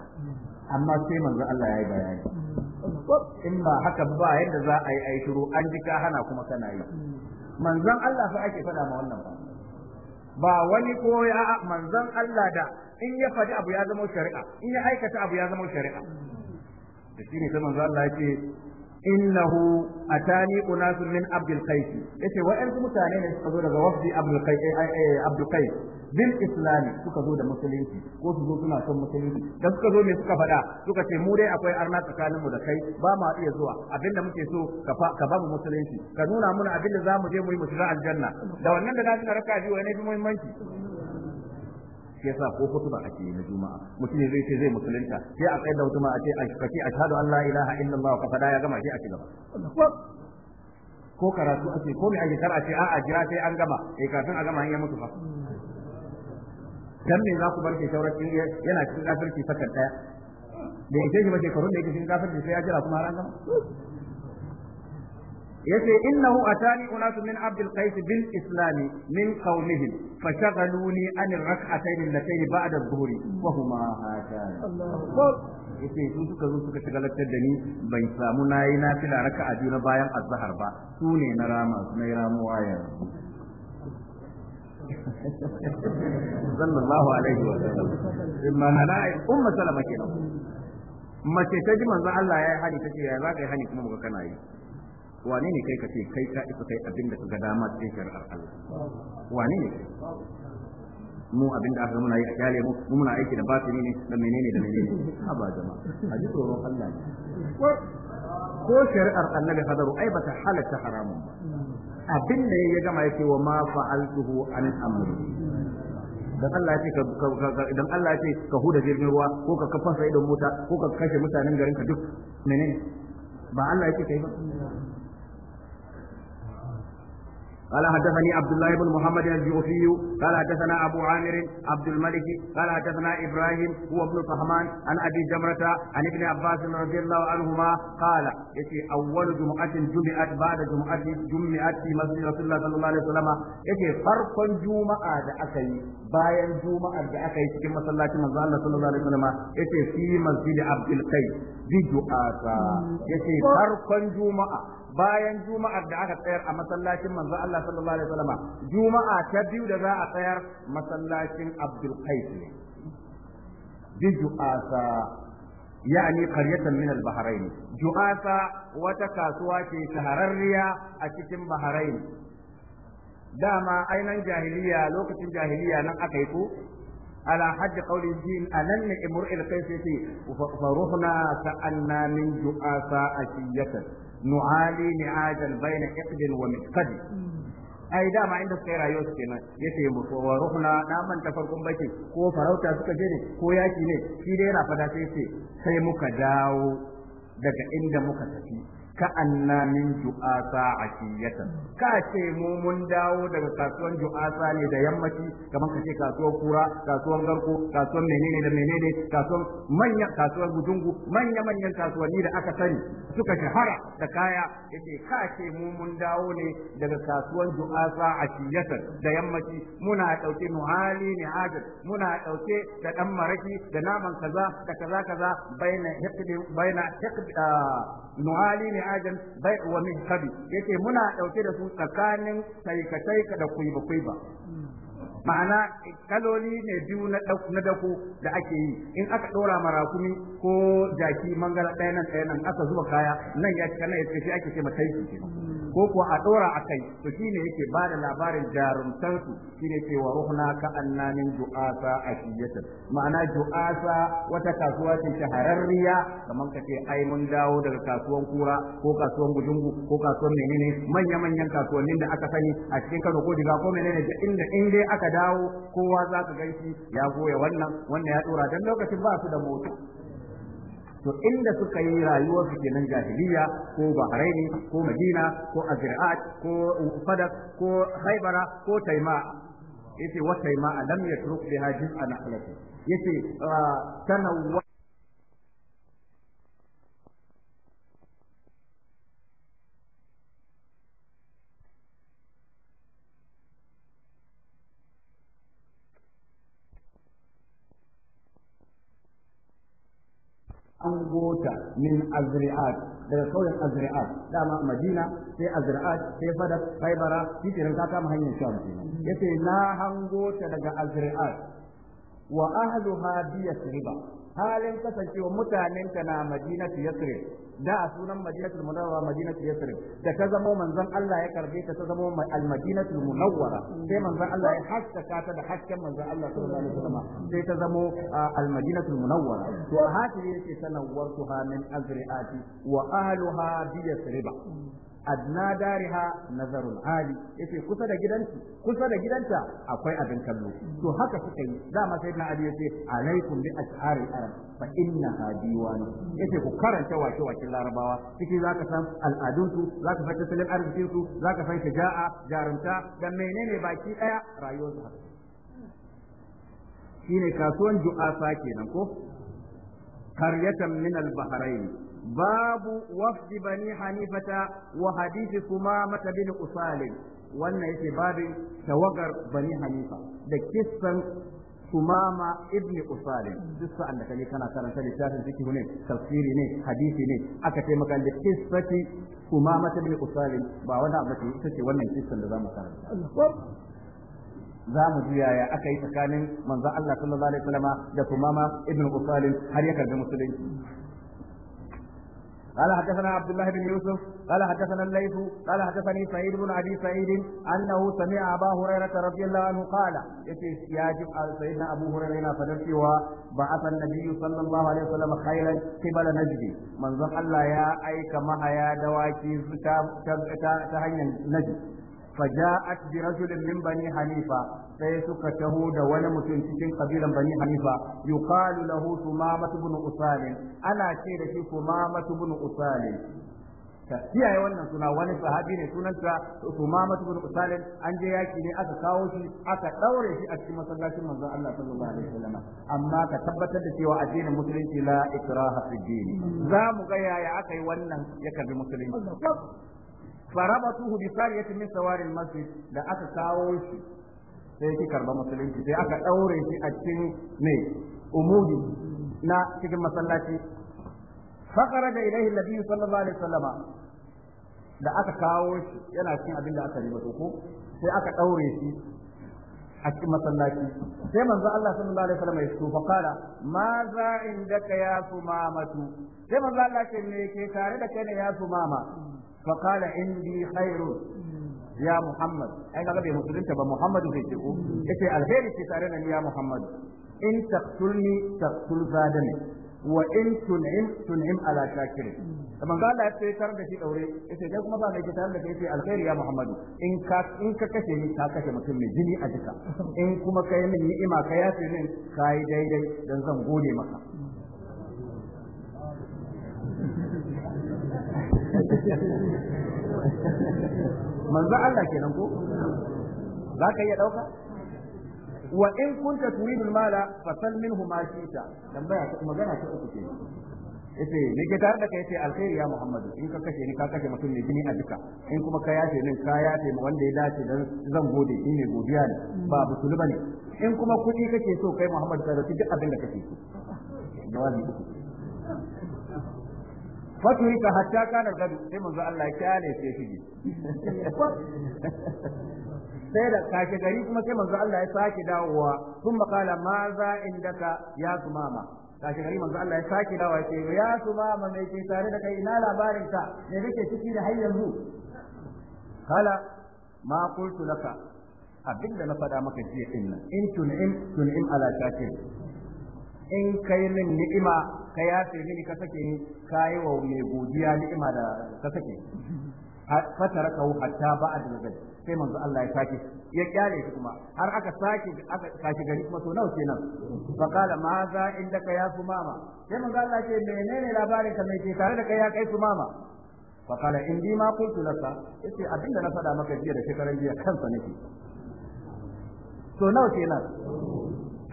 amma sai manzon Allah ya yi bayani in ba haka ba yadda za a yi ai shiru an ji ka hana kuma kana yi manzon Allah fa ake faɗa ma wannan ba ba wani ko ya manzon Allah da in ya faɗi abu ya zama shari'a in ya aikata abu ya zama shari'a da ta sai manzo Allah yake innahu atani unasun min abdul qais yace wa'ansu mutane ne suka zo daga wafdi abdul qais eh, eh, eh, abdul qais bil islami suka zo da musulunci ko su zo suna son musulunci da suka zo ne suka faɗa suka ce mu dai akwai arna tsakanin mu da kai ba ma iya zuwa abinda muke so ka ba mu musulunci ka nuna mana abinda za mu je mu yi mu shiga aljanna da wannan da na raka biyu ne bi muhimmanci shi yasa ko hutuba ake yi na juma'a mutum zai ce zai musulunta sai a tsayar da mutum a ce a kace ashhadu an la ilaha illallah ka fada ya gama sai a ci gaba ko karatu ake ko mai ake a ce a jira sai an gama eh kafin a gama an yi mutu fa dan me za ku bar ke sauraron yana cikin kafirci sakan daya da yake shi ba shekarun da yake cikin kafirci sai ya jira kuma har an gama yace innahu atani unatu min abdul qais bin islami min qaumihim fashaghaluni an rak'atayn allatayn ba'da adh-dhuhri wa huma hadan yace su suka zo suka shagalatar da ni ban samu nayi na fila raka'a biyu na bayan azhar ba su ne na rama su na ramuwa yanzu sallallahu alaihi wa sallam ma'ana ummu salama kenan mace ta ji manzo Allah ya hani tace ya zaka yi hani kuma muka kana yi wane ne kai ka ce kai ka isa kai abin da kaga dama cikin shari'ar Allah wane ne mu abin da aka muna yi a kyale mu mu muna aiki da batini ne da menene da menene haba jama'a a ji tsoron Allah ne ko shari'ar annabi hadaru ai bata halatta haramun ba abin da ya gama yake wa ma fa'altuhu an amri dan Allah ce ka idan Allah ce ka huda jirgin ruwa ko ka kafa sai da mota ko ka kashe mutanen garin ka duk menene ba Allah yake kai ba قال حدثني عبد الله بن محمد الجوفي قال حدثنا أبو عامر عبد الملك قال حدثنا إبراهيم هو ابن طهمان عن أبي جمرة عن ابن عباس رضي الله عنهما قال يتي أول جمعة جمعت بعد جمعة جمعت في مسجد رسول الله صلى الله عليه وسلم يتي فرق جمعة أكي bayan juma'ar da aka yi cikin masallacin manzo Allah sallallahu alaihi wasallam yace fi masjid Abdul Qais bi du'a yace farkon juma'a bayan juma'ar da aka tsayar a masallacin manzo Allah sallallahu alaihi wasallam juma'a ta biyu da za a tsayar masallacin Abdul Qais ne bijuasa yani qaryatan min al-bahrain juasa wata kasuwa ce shahararriya a cikin bahrain dama ainan jahiliya lokacin jahiliya nan aka yi ko على حد قول الدين ألن امرئ القيس فروحنا سألنا من جؤاسا أشية nu'ali ni'ajan bayna iqdin wa mitqadi mm. ai dama inda suka yi rayuwar su kenan yace mu wa ruhna na manta farkon bace ko farauta suka je ne ko yaki ne shi dai yana fada sai sai muka dawo daga inda muka tafi ka'anna min ju'asa akiyatan ka ce mu mun dawo daga kasuwan ju'asa ne da yammaci kamar ka ce kasuwar kura kasuwar garko kasuwar menene da menene kasuwar manya kasuwar gudungu manya manyan kasuwanni da aka sani suka shahara da kaya yace ka ce mu mun dawo ne daga kasuwan ju'asa akiyatan da yammaci muna dauke nuhali ne hajar muna dauke da dan maraki da naman kaza da kaza kaza baina hikdi baina hikdi nuhali ah, ne manhajan bai wa kabi yake muna dauke da su tsakanin saika-saika da kuiba kuiba ma'ana kaloli ne biyu na dako da ake yi in aka ɗora marakumi ko jaki mangala ɗaya nan aka zuba kaya nan ya kana ya shi ake ce mataiki ko kuwa a dora akai to shine yake ba da labarin jarumtar su shine ke wa ruhna ka annamin du'asa ashiyata ma'ana du'asa wata kasuwa ce shahararriya kamar ka ce ai mun dawo daga kasuwan kura ko kasuwan gujungu ko kasuwan menene manya manyan kasuwannin da aka sani a cikin Kano ko diga ko menene da inda in dai aka dawo kowa za ka gaishe ya goya wannan wannan ya dora dan lokacin ba su da mota to inda suka yi rayuwar su kenan jahiliya ko Bahrain, ko madina ko azra'at ko fadak ko haibara ko taima yace wa taima lam yatruk biha juz'an ahlati yace ah, tanawwa min azri'at daga kauyen azri'at dama madina sai azri'at sai fada khaybara kitirin ta kama hanyar sham yace na hango ta daga azri'at wa ahluha bi riba. halin kasancewa mutanen ta na madinatu yasrib da a sunan madinatul munawwara madinatul yasrib da ta zamo manzon Allah ya karbe ta ta zamo al madinatul munawwara sai manzon Allah ya haskaka ta da hasken manzon Allah sallallahu alaihi wasallam sai ta zamo al madinatul munawwara to a hatiri yake sanawwartuha min azriati wa ahluha bi yasriba adna dariha nazarul ali yace kusa da gidanki kusa da gidanta akwai abin kallo to haka suka yi dama sai na ali yace alaikum bi ashari arab fa inna hadiwan yace ku karanta wace wakin larabawa kike zaka san al'adun su zaka san tattalin arzikin su zaka san shaja'a jarumta da menene baki daya rayuwar su shine kasuwan ju'afa kenan ko karyatan min al-bahrain باب وفد بني حنيفة وحديث ثمامة بن قصال wannan yake babin tawagar bani حنيفة da kissan sumama ibn usalin duk sa'an da kaje kana karanta littafin zikiri ne tafsiri ne hadisi ne aka ce maka da kissati ابن قصال usalin ba wani abu ita ce wannan kissan da zamu karanta za mu ji yaya aka yi tsakanin manzo Allah sallallahu alaihi wasallam da sumama ibn usalin har ya karbi musulunci قال حدثنا عبد الله بن يوسف قال حدثنا الليث قال حدثني سعيد بن ابي سعيد انه سمع ابا هريره رضي الله عنه قال يا سيدنا ابو هريره فدرتي بعث النبي صلى الله عليه وسلم خيرا قبل نجد من الله يا ايك ما يا دواكي ta hanyar najid فجاءت برجل من بني حنيفة فيسكته دون متنسكين قبيلا بني حنيفة يقال له ثمامة بن أسال أنا شيرك ثمامة بن أسال kiyaye wannan suna wani sahabi ne sunansa Umama ibn Usalin an je yaki ne aka kawo shi aka ɗaure shi a cikin masallacin manzon Allah sallallahu alaihi wasallam amma ka tabbatar da cewa addinin musulunci la ikraha fi za mu ga yaya aka yi wannan ya karbi musulunci farabatuhu bi sariyatin min sawaril masjid da aka kawo shi sai yake karba musulunci sai aka daure shi a cikin ne umudi na cikin masallaci fakara da ilaihi nabi sallallahu alaihi wasallama da aka kawo shi yana cikin abin da aka riba ko sai aka daure shi a cikin masallaci sai manzo Allah sallallahu alaihi wasallam ya fito fa kala ma za indaka ya sumamatu sai manzo Allah ce ne ke tare da kai ne ya sumama فقال عندي خير يا محمد أين غبي مسلمت بمحمد في تقو إتي الخير في تارنا يا محمد إن تقتلني تقتل زادني وإن تنعم تنعم على شاكر kamar ga Allah ce tar da shi daure yace kuma ba mai kitar da kai alkhair ya Muhammadu in ka kashe ni ka kashe mutum mai jini a jika in kuma kai min ni'ima ka yafe min kai daidai dan zan gode maka manzo Allah kenan ko za ka iya dauka wa in kunta turidul mala fasal minhu ma shita dan baya magana ta uku kenan yace ne ke tare da kai ce alkhairi ya Muhammadu in ka kashe ni ka kashe mutum ne jini a duka in kuma ka yace ni ka yace mu wanda ya dace dan zan gode shi ne godiya ne ba butulu bane in kuma kudi kake so kai Muhammadu ka rubuta duk abin da kake so jawabi uku faturika hatta kana gado sai manzo Allah ya kyale sai shige sai da kake gari kuma sai manzo Allah ya sake dawowa sun makala ma za indaka ya sumama kake gari manzo Allah ya sake dawowa ya ce ya sumama mai ke tare da kai ina labarin ka me kake ciki da har yanzu kala ma qultu laka abinda na faɗa maka jiya din nan in tun'im in ala shakir in kai min ni'ima ka yafe mini ka sake ni kai wa mai godiya ni'ima da ka sake fataraka hatta ba'd al-ghad sai manzo Allah ya sake ya kyale shi kuma har aka sake aka sake gari kuma to nawa kenan fa kala ma za ka ya sumama sai manzo Allah ya ce menene labarin ka mai ke tare da kai ya kai sumama fa kala indi ma kuntu lasa yace abinda na faɗa maka jiya da shekaran jiya kansa nake to nawa kenan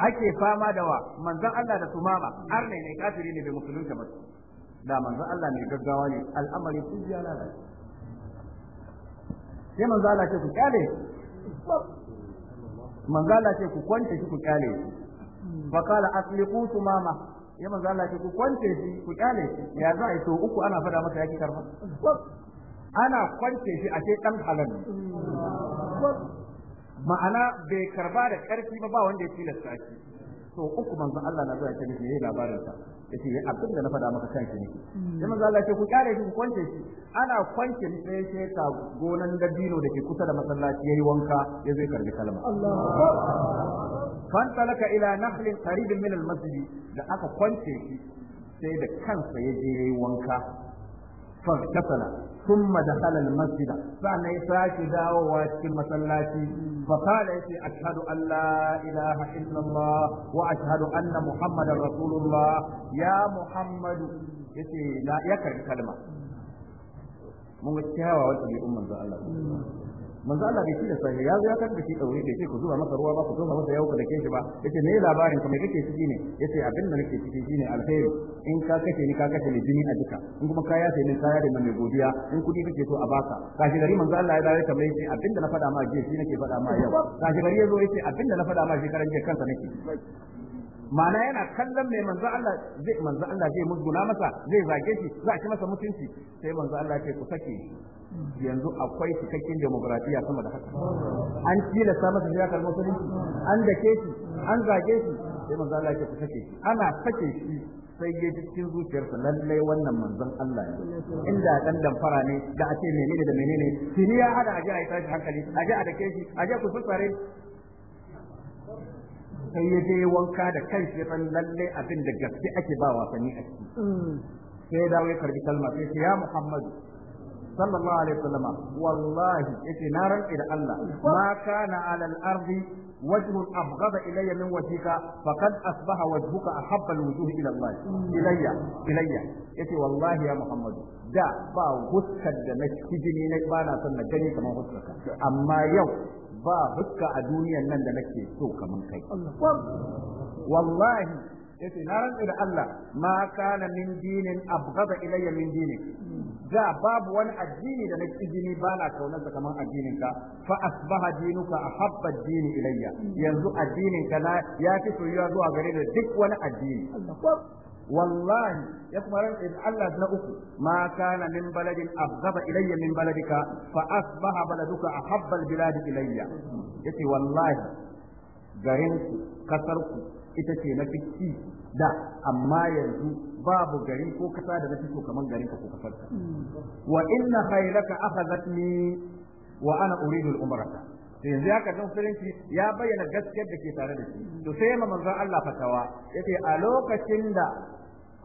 ake fama da wa manzon Allah da tumama har ne kafiri ne bai musulunta ba da manzon Allah mai gaggawa ne al'amari sun ji lalace sai manzon Allah ce ku kyale manzon Allah ce ku kwance shi ku kyale fa qala asliqu tumama ya manzon Allah ce ku kwance shi ku kyale ya za a yi to uku ana fada masa yaki karfa ana kwance shi a sai dan halal ma'ana bai karba da karfi ba ba wanda ya tilasta shi to uku manzon Allah na zuwa cikin yayi labarin sa yace ya abin da na faɗa maka kanki ne hmm. sai manzon Allah ce ku kare shi ku kwance shi ana kwance ni sai sai ka gonan dabino da ke kusa da masallaci yayi wanka ya zai karbi kalma fantalaka ila nahlin qarib min al-masjid da aka kwance shi sai da kansa ya je yayi wanka fa tasala ثم دخل المسجد فأنا يساك داو واتك المسلات فقال يسي أشهد أن لا إله إلا الله وأشهد أن محمد رسول الله يا محمد يسي لا يكر كلمة mun ga kyawawan ɗabi'un manzo Allah manzo Allah bai tilasta shi ya zo ya kan shi daure bai ce ku zuwa masa ruwa ba ku zuwa masa yawo da ke shi ba yace me labarin ka me kake ciki ne yace abin da nake ciki shine alheri in ka kace ni ka kace ni jini a duka in kuma kaya sai ni kaya da mai godiya in kudi kake so a baka kashi gari manzo Allah ya dawo kamar yace abin da na faɗa ma jiya shi nake faɗa ma yau kashi gari ya zo yace abin da na faɗa ma shekaran jiya kansa nake ma'ana yana kallon mai manzo Allah zai manzo Allah zai musguna masa zai zage shi za a ci masa mutunci sai manzo Allah ya ce ku sake shi yanzu akwai cikakken demokradiyya sama da haka an tilasta masa da ya musulunci an ke shi an zage shi sai manzo Allah ya sake shi ana sake shi sai ya ji cikin zuciyarsa lallai wannan manzon Allah ne inda dan damfara ne da a ce menene da menene shi ya hada aje a tashi hankali aje a dake shi aje ku tsare sai ya je wanka da kai ya san lallai abin da gaske ake ba wasanni a ciki mm. sai ya dawo ya karbi kalma sai ya Muhammadu sallallahu wallahi yace na rantsi da Allah ma kana ala al-ardi وجه أبغض إلي من وجهك فقد أصبح وجهك أحب الوجوه إلى الله إلي إلي يتي والله يا محمد da ba huskar da na kijini jini ba na son na gani kamar huskar amma yau ba huska a duniyan nan da nake so kamar kai wallahi yace na rantsa da Allah ma kana min dinin abghada ilayya min dini da babu wani addini da nake jini ba na kaunar da kaman addinin ka fa asbaha dinuka ahabba dini ilayya yanzu addinin ka na ya fi soyuwa zuwa gare da duk wani addini wallahi ya kuma rantsa da Allah na uku ma kana min baladin abgaba ilayya min baladika fa asbaha baladuka ahabba albilad ilayya yace wallahi garinku kasarku ita ce na fi da amma yanzu babu gari ko kasa da na fi so kamar garinka ko kasarka hmm. wa inna khaylaka akhadhatni wa ana uridu al-umrata sai yanzu ya karɓi musulunci ya bayyana gaskiyar da ke tare da shi to sai ma manzon Allah fatawa yace a lokacin da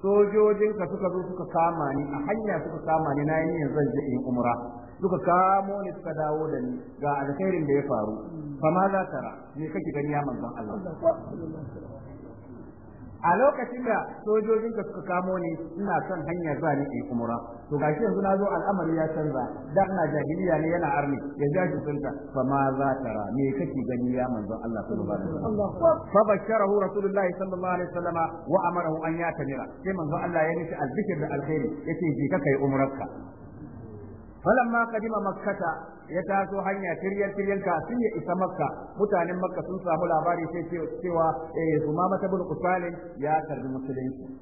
sojojinka suka zo suka kama ni a hanya suka kama ni na yin zan je in umra suka kamo ni suka dawo da ni ga alkhairin da ya faru fa ma za tara me kake gani ya manzon Allah a lokacin da sojojin ka suka kamo ni ina son hanyar za ni in umra to gashi yanzu na zo al'amari ya canza da ina jahiliya ne yana arni ya ja shi sunta fa ma za ra, me kake gani ya manzon Allah sallallahu alaihi wasallam fa basharahu rasulullahi sallallahu alaihi wasallam wa amarahu an yatamira sai manzon Allah ya nishi albikir da alkhairi yace je ka kai umrarka falamma kadima makkata ya taso hanya tiryan tiryan sun ya isa makka mutanen makka sun samu labari sai cewa eh mata bin qusalin ya karbi musulunci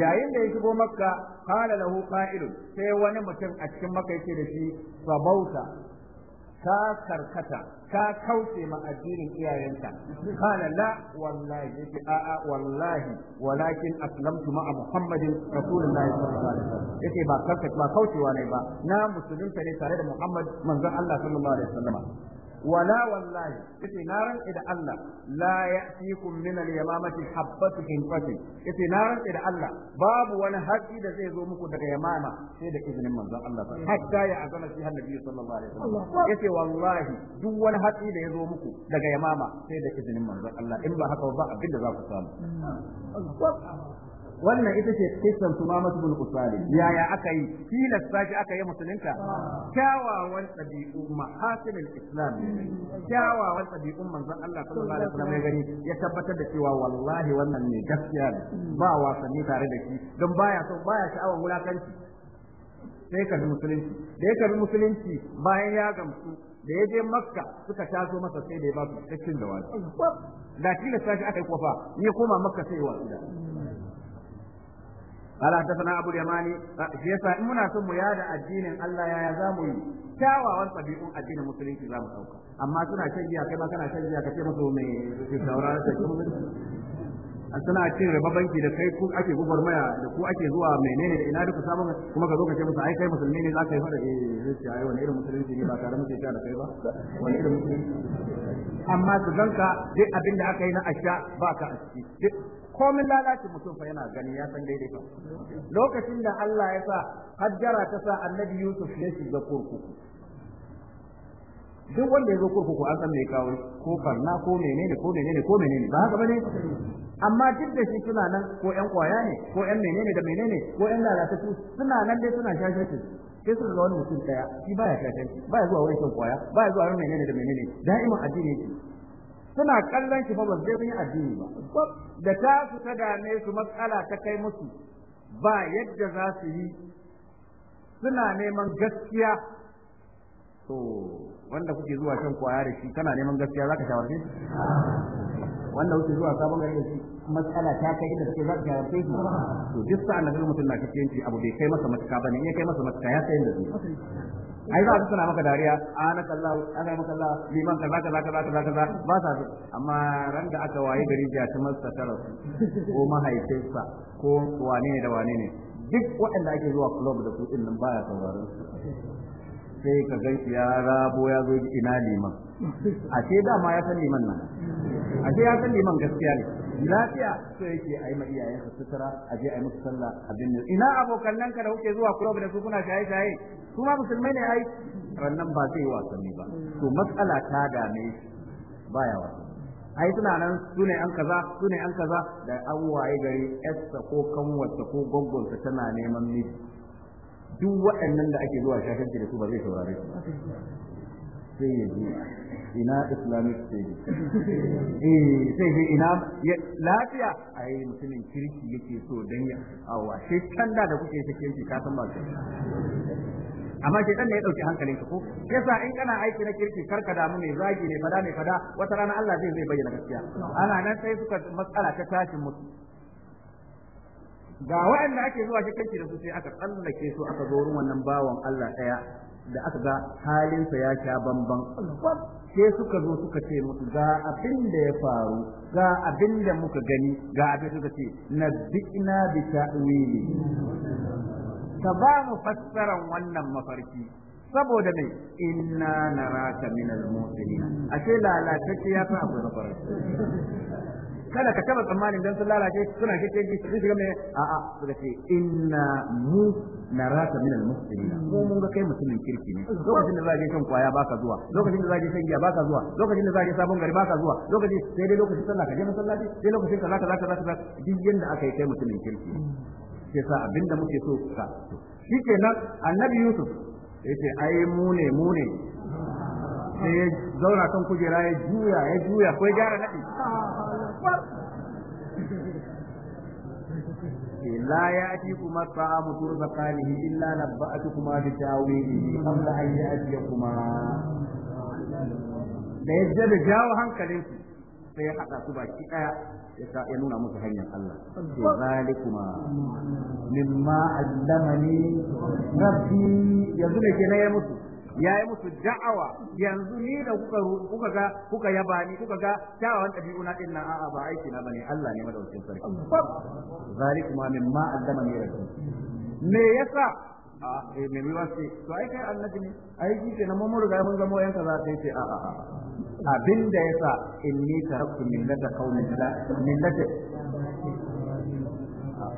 yayin da ya shigo makka qala lahu qa'ilun sai wani mutum a cikin makka yake da shi sabauta ka karkata ka kauce ma addinin iyayenka kana la wallahi yace a a wallahi walakin aslamtu ma muhammadin rasulullahi sallallahu alaihi wasallam yake ba karkata ba kaucewa ne ba na musulunta ne tare da muhammad manzon Allah sallallahu alaihi wasallam wala wallahi yace na rantsa da Allah la ya'tikum min al-yamamati habbatu hinfati yace na rantsa da Allah babu wani haƙi da zai zo muku daga yamama sai da izinin manzon Allah hatta ya azana shi annabi sallallahu alaihi wasallam yace wallahi duk wani haƙi da ya zo muku daga yamama sai da izinin manzon Allah in ba haka ba abin da za ku samu wannan ita ce kisan mamat bin usali yaya aka yi tilasta saki aka yi musulunta kyawawan tabi'u mahasilul islam kyawawan tabi'u manzon Allah sallallahu alaihi wasallam ya gani ya tabbatar da cewa wallahi wannan ne gaskiya ba wasanni tare da shi don baya so baya sha'awar wulakanci sai ka bi musulunci da ya karbi musulunci bayan ya gamsu da ya je makka suka taso masa sai da ya ba su cikin da wani da tilasta shi aka yi kofa ya koma makka sai wasu da قال حدثنا ابو اليماني شيسا منا سن mu يادا addinin Allah yaya zamu yi kyawawan tabi'un addinin musulunci zamu dauka amma suna canjiya kai ma kana canjiya ka ce musu me su saurara ta kuma suna cin riba da kai ku ake gugurmaya da ku ake zuwa menene da ina duka sabon kuma ka zo ka ce musu ai kai musulmi za ka yi fada eh zuciya ai wani irin musulunci ne ba tare muke sha da kai ba wani irin musulunci amma su ganka duk abin da aka yi na asha ba ka a ciki komin lalacin mutum fa yana gani ya san daidai ba lokacin da Allah ya sa hajjara ta sa annabi Yusuf ya shiga kurkuku duk wanda ya zo kurkuku an san me kawo ko barna ko menene ko menene ko menene ba haka bane amma duk da shi suna nan ko yan kwaya ne ko yan menene da menene ko yan su suna nan dai suna shashashi sai su ga wani mutum daya shi baya shashashi baya zuwa wurin shan kwaya baya zuwa wurin menene da menene da'iman addini yake suna kallon shi fa ba zai yi addini ba da ta su ta dame su matsala ta kai musu ba yadda za su yi suna neman gaskiya to wanda kuke zuwa shan kwaya da shi kana neman gaskiya za ka shawarce wanda kuke zuwa sabon gari da shi matsala ta kai inda suke, za ta yarfe shi to duk sa'an da mutum na cikin abu bai kai masa matuka bane ya kai masa matuka ya sayar da zai ai za su suna maka dariya ana kalla ana maka kalla liman kaza kaza kaza kaza kaza ba sa su amma ran da aka waye gari ja ta masa tara ko mahaifinsa ko wane ne da wane ne duk waɗanda ake zuwa club da su din nan baya sauraron su sai ka gan ya rabo ya zo ina liman ashe dama ya san liman nan ashe ya san liman gaskiya ne lafiya so yake a yi ma iyayen su sutura a je a yi musu sallah a binne. ina abokan nan ka da kuke zuwa club da su kuna shaye shaye su ma musulmai ne ai rannan ba zai wasanni ba to matsala ta dame baya wasanni ai suna nan su ne an kaza su ne an kaza da an waye gari yarsa ko kanwarsa ko gwaggonsa tana neman miji duk waɗannan da ake zuwa shafin da su ba zai saurare su sai ya ina islamic state eh sai sai ina lafiya ai mutumin kirki yake so dan ya awa sai tanda da kuke ta kirki ka san ba amma sai dan ne ya dauki ka ko yasa in kana aiki na kirki karka damu ne zagi ne fada ne fada wata rana Allah zai zai bayyana gaskiya ana nan sai suka matsala ta tashin mutu ga waɗanda ake zuwa shi kanki da su sai aka tsallake su aka zo wurin wannan bawan Allah ɗaya da aka ga halinsa ya sha bamban sai suka zo suka ce musu ga abin da ya faru ga abin da muka gani ga abin suka ce na nabbi'na bi ta'wili ka ba mu fassaran wannan mafarki saboda mai inna naraka minal muslimin ashe lalatacce ya fi abu da Kana ka taba tsammanin dan sun lalace suna kike ji su shiga a a'a suka ce inna mu naraka minal muslimina mu mun ga kai musulmin kirki ne lokacin da zaka je kan kwaya baka zuwa lokacin da zaka je kan giya baka zuwa lokacin da zaka je sabon gari baka zuwa lokacin sai dai lokacin sallah ka je masallaci sai lokacin zaka zaka zaka duk yanda aka yi kai musulmin kirki sai sa abinda muke so ka shikenan annabi yusuf yace ai mu ne mu ne sai ya zauna kan kujera ya juya ya juya ko ya gyara nadi لا يأتيكما الطعام ترزقانه Illa نبأتكما بتاويله قبل أن يأتيكما da ya da jawo hankalinsu sai ya haɗa su baki daya ya ya nuna musu hanyar Allah. Ke zalikuma mimma allamani rabbi yanzu ne ke na ya mutu yi musu da'awa yanzu ni da kuka kuka ga kuka yaba ni kuka ga dabi'u na din nan a'a ba aiki na bane Allah ne madaukin sarki ma mimma allama ni rabbi me yasa a eh, Me mi wasi to ai kai annabi ne ai ji ke na mun riga mun zama yan kaza sai ce a abin da yasa inni taraktu millata qaumin la millata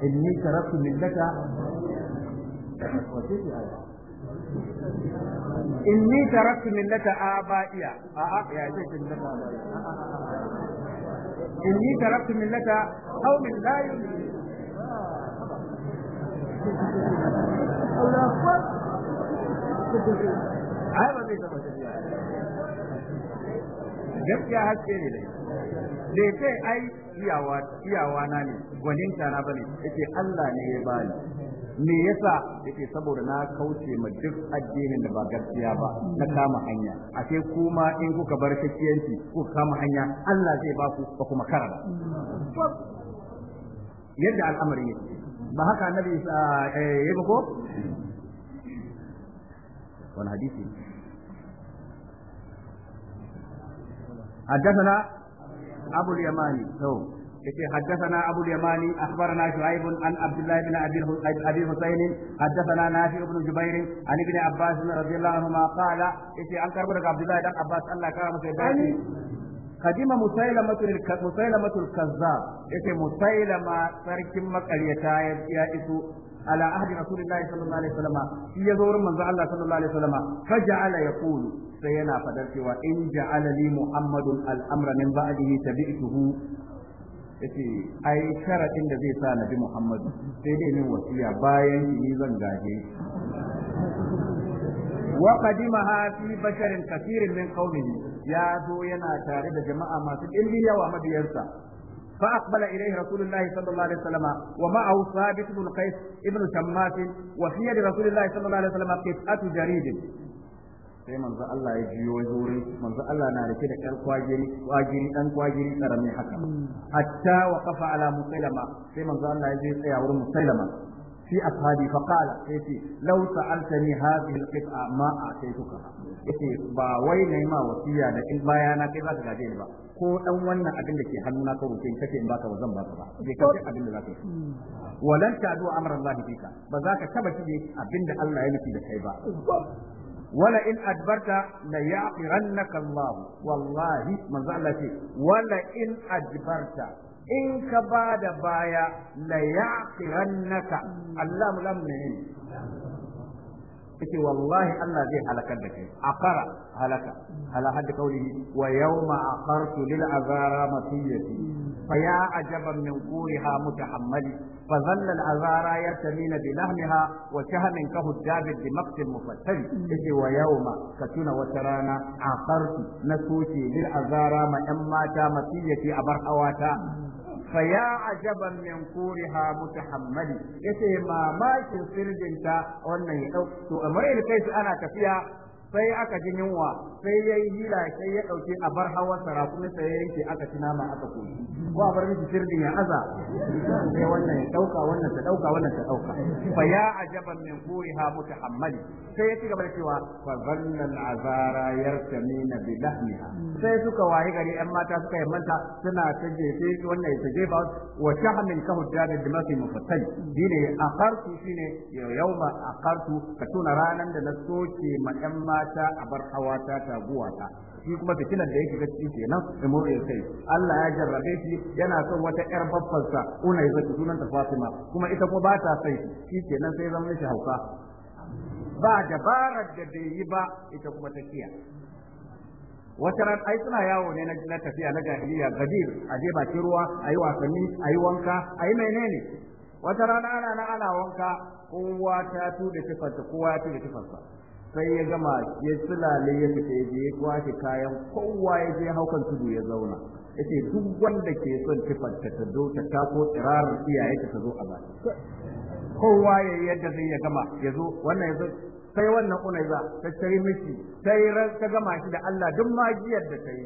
inni taraktu millata wa inni taraktu millata abaiya a a ya ce millata abaiya inni taraktu millata qaumin la yu'minun ai ba zai taba tafiya gaskiya haske ne dai da ya ce ai iyawa na ne gwaninta na bane yake Allah ne ya bani me yasa yake saboda na kauce ma duk addinin da ba gaskiya ba na kama hanya ashe kuma in kuka bar shakiyanci ku kama hanya Allah zai ba ku ba kuma karama yadda al'amari ne ba haka annabi ah, eh, ya ba ko wani hadisi حدثنا أبو اليماني يتي حدثنا أبو اليماني أخبرنا شعيب عن عبد الله بن أبي حسين حدثنا نافع بن جبير عن ابن عباس رضي الله عنهما قال يتي أنكر بن عبد الله بن عباس الله كرم سيدنا قدم مسيلمة مسيلمة الكذاب يتي مسيلمة سرك مقريتا يا إسو على عهد رسول الله صلى الله عليه وسلم في يزور من الله صلى الله عليه وسلم فجعل يقول sai yana fadar cewa in ja'ala li muhammadun al'amra min ba'dihi tabi'tuhu yace ai sharadin da zai sa nabi Muhammadu sai dai min wasiya bayan ni zan gaje wa qadimaha fi basharin kathirin min qaumihi ya zo yana tare da jama'a masu dimbi yawa madiyarsa فأقبل إليه رسول الله صلى الله عليه وسلم ومعه ثابت بن قيس ابن شماس وفي يد رسول الله صلى الله عليه وسلم jaridin. sai manzo Allah ya jiyo wurin manzo Allah na rike da ƴar kwagiri kwajiri dan kwagiri karami haka hatta waqafa ala musailama sai manzo Allah ya je tsaya wurin musailama في أصحابي فقال إيتي لو سألتني هذه القطعة ما أعطيتك إيتي باوي نيما وسيا kai za بايانا كذا ni ba. ko dan wannan abin da ke na ka wuce kace in baka zan baka ba bai kace abin da za zaka yi walan ta du'a amran Allah fika ba za ka taba kije abin da Allah ya nufi da kai ba wala in adbarta la ya'irannaka Allah wallahi manzo Allah ce wala in adbarta in ka bada baya la ya'irannaka Allah mulamin yace wallahi Allah zai halakar da kai akara halaka ala hadda qawlihi wa yawma aqartu lil azara matiyati fa ya ajaban min quriha mutahammali fa dhalla al azara yartamina bi lahmiha wa shahmin ka hujjabi bi maqtil mufattali yace wa yawma katuna wa tarana aqartu nasuti lil azara ma yan mata matiyati abar hawata فيا عجبا من كورها متحمل يتي ما ماكن سرجنتا وانا يدو تو امرين كيس انا تفيا sai aka ji yunwa sai ya yi hila sai ya ɗauke a bar hawa kuma sai ya yanke aka ci nama aka koyi ko a bar miki sirdin ya aza sai wannan ya ɗauka wannan ta ɗauka wannan ta ɗauka fa ya ajaban min furiha mutahammali sai ya ci gaba da cewa fa zanna al'azara yartamina bi lahmiha sai suka wayi gari ƴan mata suka yi manta suna ta jefe wannan ta jefa wa shahmin ka hujjada da mafi mufassali dine akartu shine yawma akartu ka tuna ranan da na soke ma ƴan mata ta a bar hawa ta taguwa ta shi kuma fitinan da ya ga cikin kenan imur ya sai Allah ya jarrabe shi yana son wata yar babbansa una ya zaki sunanta Fatima kuma ita kuma ba ta sai shi kenan sai zama shi hauka ba dabarar da bai yi ba ita kuma ta kiya wata ran ai suna yawo ne na tafiya na jahiliya gadir a je bakin ruwa ayi wasanni ayi wanka ayi menene wata rana ana na ana wanka kowa ta tude tufarsa kowa ya tude tufarsa sai ya gama ya tsilale ya fita ya je kwashe kayan kowa ya je haukan tudu ya zauna yace duk wanda ke son tifar ta ta zo ta tako tsirarar iyaye ta zo a ba. kowa ya yi yadda zai ya gama ya zo wannan ya zo sai wannan za ta tsari miki sai ta gama shi da Allah duk majiyar da ta yi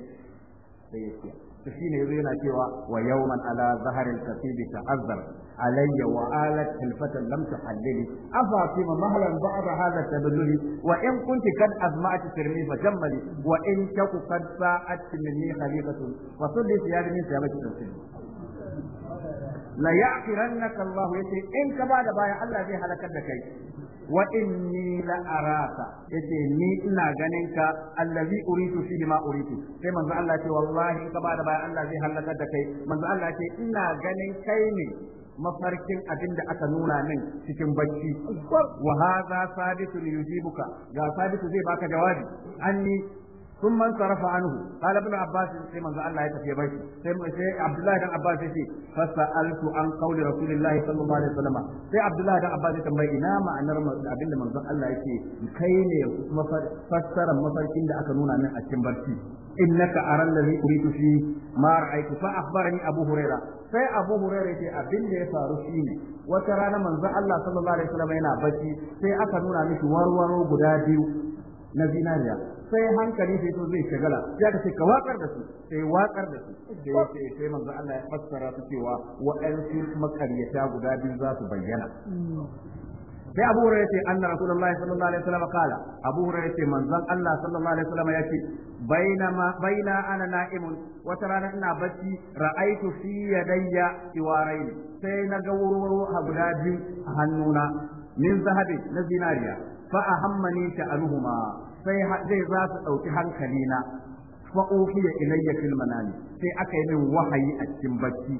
sai ya ce shi shine yana cewa wa yawman ala zaharil kasibi ta'azzar علي وآلت خلفة لم تحللي أفاطم مهلا بعد هذا التبذل وإن كنت قد أزمعت ترمي فجملي وإن تك قد فاءت مني خليفة فصلي ثيابي من ثيابك تنسلي la ya'firannaka Allah yace in ka bada baya Allah zai halakar da kai wa inni la araka yace ni ina ganin ka allazi uritu fi ma uritu sai manzo Allah ce wallahi in ka bada baya Allah zai da kai manzo Allah ce ina ganin kai ne mafarkin abin da aka nuna min cikin bacci wa hadha sabitun yujibuka ga sabitu zai baka jawabi anni ثم انصرف عنه قال ابن عباس sai manzo Allah ya tafi bai sai sai Abdullah dan Abbas yace fasaltu an qauli Rasulullahi sallallahu alaihi wasallam sai Abdullah dan Abbas ya tambaye ina ma'anar abin da manzo Allah yake kai ne fassarar mafarkin da aka nuna min a cikin barci innaka aral ladhi uritu fi ma ra'aytu fa akhbarani Abu Hurairah sai Abu Hurairah yace abin da ya faru shine wata rana manzo Allah sallallahu alaihi yana bacci sai aka nuna mishi warwaro guda biyu na zinariya sai hankali sai zai shagala sai aka ce ka wakar da su sai wakar da su sai yace sai manzo Allah ya fassara su cewa wa'ansu makaryata guda biyu za su bayyana sai Abu Hurairah yace anna Rasulullahi sallallahu alaihi wasallam kala Abu Hurairah yace manzon Allah sallallahu alaihi wasallam yace bainama baina ana na'imun wata rana ina bacci ra'aitu fi yadayya iwarain sai na ga wurwuru guda biyu a hannuna min zahabi na zinariya fa ahammani sha'aluhuma sai zai za su ɗauki ya na ya ilayya fil manami sai aka yi min wahayi a cikin bacci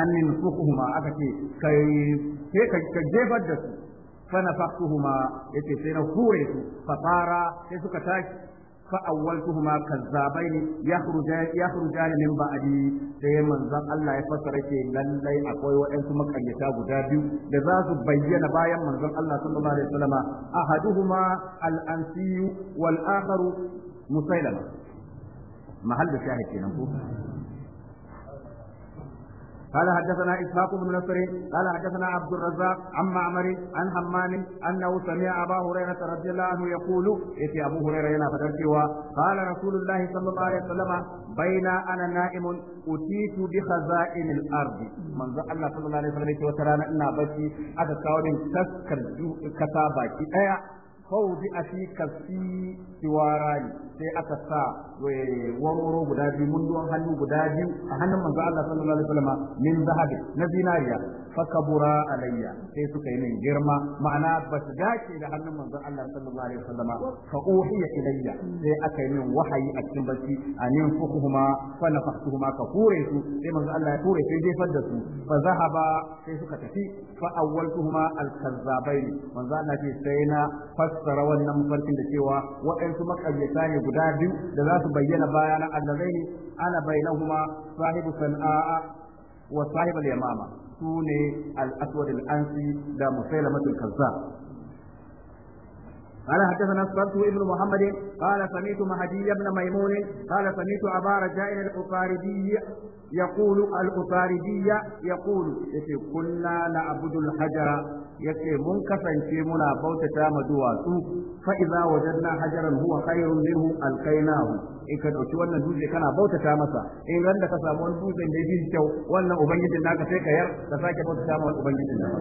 an ninfuhuma aka ce kai sai ka jefar da su fa nafaktuhuma yace sai na hure su fa sai suka tashi فأولتهما كذابين يخرجان يخرجان من بعدي sai manzon Allah ya fassara ke lallai akwai waɗansu makaryata guda biyu da za su bayyana bayan manzon Allah sallallahu alaihi wasallama ahaduhuma al-ansiyu wal akharu musailama mahal da shahid kenan ko قال حدثنا إسحاق بن نصر قال حدثنا عبد الرزاق عن معمر عن حمام أنه سمع أبا هريرة رضي الله عنه يقول إتي أبو هريرة هنا قال رسول الله صلى الله عليه وسلم بين أنا نائم أتيت بخزائن الأرض من ذا الله صلى الله عليه وسلم وترانا إنا بشي هذا كاولين تسكر كتابك أي فوضع في كفي siwara ne sai aka sa eh, warwaro guda biyu munduwan hannu guda biyu a hannun manzo Allah sallallahu alaihi wasallam min zahabi na zinariya fakabura alayya sai suka yi min girma ma'ana ba su dace da hannun manzo Allah sallallahu alaihi wasallam fa uhiya ilayya sai aka yi min wahayi a cikin barci anin fukuhuma fa nafakhtuhuma ka hure su sai manzo Allah ya hure sai jefar da su fa zahaba sai suka tafi fa awwaltuhuma al-kazzabain manzo Allah ce sai na fassara wannan mafarkin da cewa waɗansu makayyata ne guda biyu da za su bayyana bayana allazaini ana bainahuma sahibu san'a wa sahibul yamama sune al-aswad al-ansi da musailamatul kazzab قال حدثنا الصلت ابن محمد قال سمعت مهدي بن ميمون قال سمعت أبا رجاء الأطاردي يقول الأطاردي يقول يتي كنا نعبد الحجر يتي منكسا منا بوتة مدواتو فإذا وجدنا حجرا هو خير منه ألقيناه in ka dauki wannan dutse kana bautata masa in randa ka samu wani dutse da yake kyau wannan ubangijin naka sai ka yar ka sake bautata ma ubangijin naka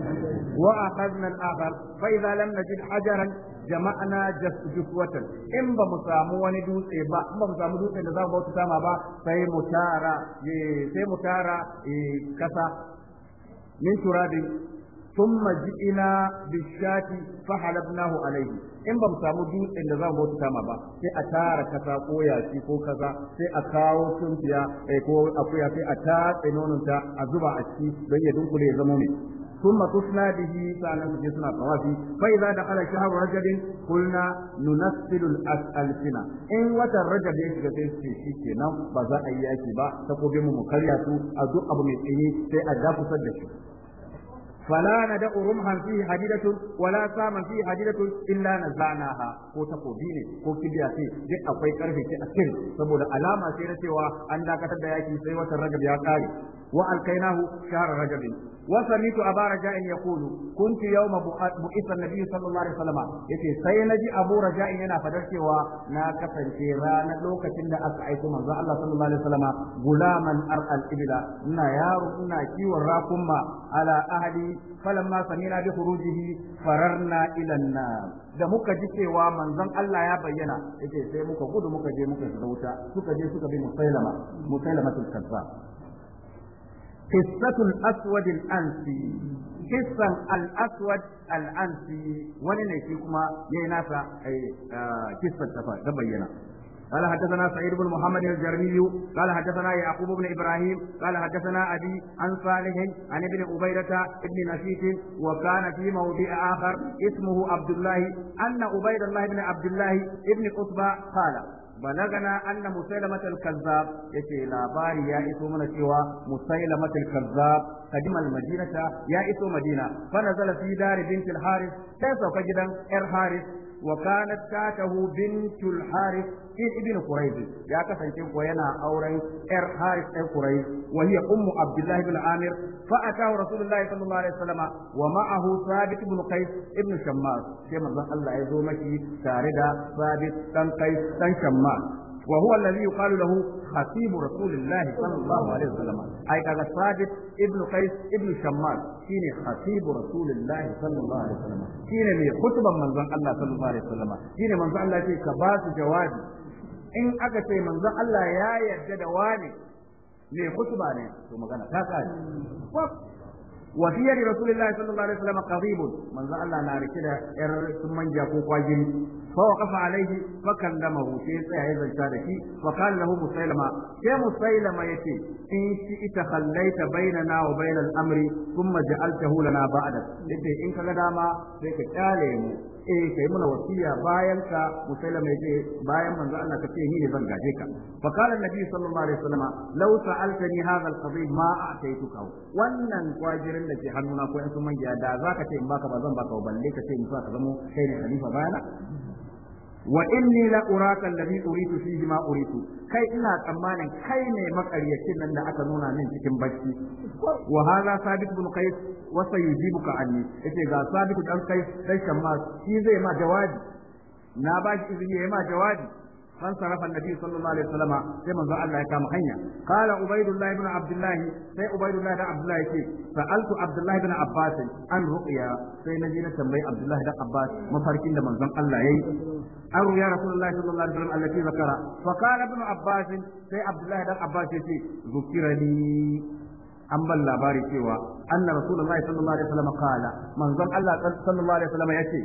wa akhadna al-akhar fa idha lam najid hajaran jama'ana jasjuwatan in ba mu samu wani dutse ba in ba mu samu dutse da za mu bautata ma ba sai mu tara eh, sai mu tara eh, kasa min ثم جئنا بالشاة فحلبناه عليه in ba mu samu dutsen da za mu bauta ma ba sai a tara kasa ko yashi ko kaza sai a kawo tuntiya ko akuya sai a tatse nononta a zuba a ciki don ya dunkule ya zama mai ثم تصلى به سالم جسنا طوافي فإذا دخل شهر رجب قلنا ننسل الألسنة إن وتر رجب يشجع في شيء نم بزا أياتي با تقوم بمكرياتو أدو أبو مسيني سيأدافو سجشو فلا ندع رمحا فيه حديدة ولا ساما فيه حديدة إلا نزعناها ko takobi ne ko kibiya ce duk akwai ƙarfe ce a cikin saboda alama sai na cewa an dakatar da yaki sai watan rajab ya kare wa alkainahu share rajabin وسمعت أبا رجاء يقول كنت يوم بؤس النبي صلى الله عليه وسلم يتي سينجي أبو رجاء ينا فدرك ونا كفن كيران لوكة إن أسعيت من الله صلى الله عليه وسلم غلاما أرأى الإبلا نا يارو نا كيو الراكم على أهلي فلما سمعنا بخروجه فررنا إلى النار da muka ji cewa manzon Allah ya bayyana yace sai muka gudu muka je muka shiga wuta suka je suka bi musailama musailama tul kazzab qissatul aswad al-ansi kissan al-aswad al-ansi wani ne shi kuma yayi nasa kissan ta bayyana قال حدثنا سعيد بن محمد الجرمي قال حدثنا يعقوب بن ابراهيم قال حدثنا ابي عن صالح عن ابن عبيدة بن نشيط وكان في موضع اخر اسمه عبد الله ان عبيد الله بن عبد الله بن قطبة قال balagana anna musailamata al-kazzab yace labari ya iso mana cewa musailamata al-kazzab kadima al-madinata ya iso madina fa nazala fi dari bintil haris sai sauka gidan yar haris wa ta tatahu bintul haris shi ibn quraiz ya kasance ko yana auren yar haris ɗan quraiz wa hiya ummu abdullah ibn amir fa atahu rasulullahi sallallahu alaihi wasallam wa ma'ahu sabit ibn qais ibn shammas sai manzon Allah ya zo maki tare da sabit dan qais dan shammas وهو الذي يقال له خطيب رسول الله صلى الله عليه وسلم أي كذا ثابت ابن قيس ابن شمال كين خطيب رسول الله صلى الله عليه وسلم كين من خطبة من الله صلى الله عليه وسلم كين من الله in aka ce manzon Allah ya yarda da wani ne kutuba ne to magana ta kare wa fi yadi sallallahu alaihi wasallam qadibun manzon Allah na rike da yar sun manja ko kwajin فوقف عليه فكلمه في سيعيد الشارك فقال له مسيلمة يا مسيلمة يتي إن شئت خليت بيننا وبين الأمر ثم جعلته لنا بعدك يتي إن كغداما فيك تعلم eh kai mana wasiya bayan ka musaila mai ce bayan manzo Allah ka ce ni ne zan gaje ka fa qala annabi sallallahu alaihi wasallam law sa'altani hadha al-qadid ma a'taytuka wannan kwajirin da ke hannuna ko in sun manja da zaka ce in ba zan baka balle ka ce in sa ka bayana wa inni la uraka alladhi uritu fihi ma uritu kai ina tsammanin kai ne makaryacin nan da aka nuna min cikin bacci wa hadha sabit bin qais wa sayujibuka anni yace ga sabit dan kai dan shamma shi zai ma jawabi na ba shi izini ma jawabi fan sarafa annabi sallallahu alaihi wasallam sai manzo Allah ya kama hanya qala ubaidullah ibn abdullah sai ubaidullah da abdullah yake sa'altu abdullah ibn abbas an ruqya sai na je na tambayi abdullah da abbas mafarkin da manzon Allah yayi an ruya rasulullahi sallallahu alaihi wasallam allati zakara fa qala ibn abbas sai abdullah da abbas yake zukirani an ban labari cewa anna rasulullahi sallallahu alaihi wasallam qala manzon Allah sallallahu alaihi wasallam yace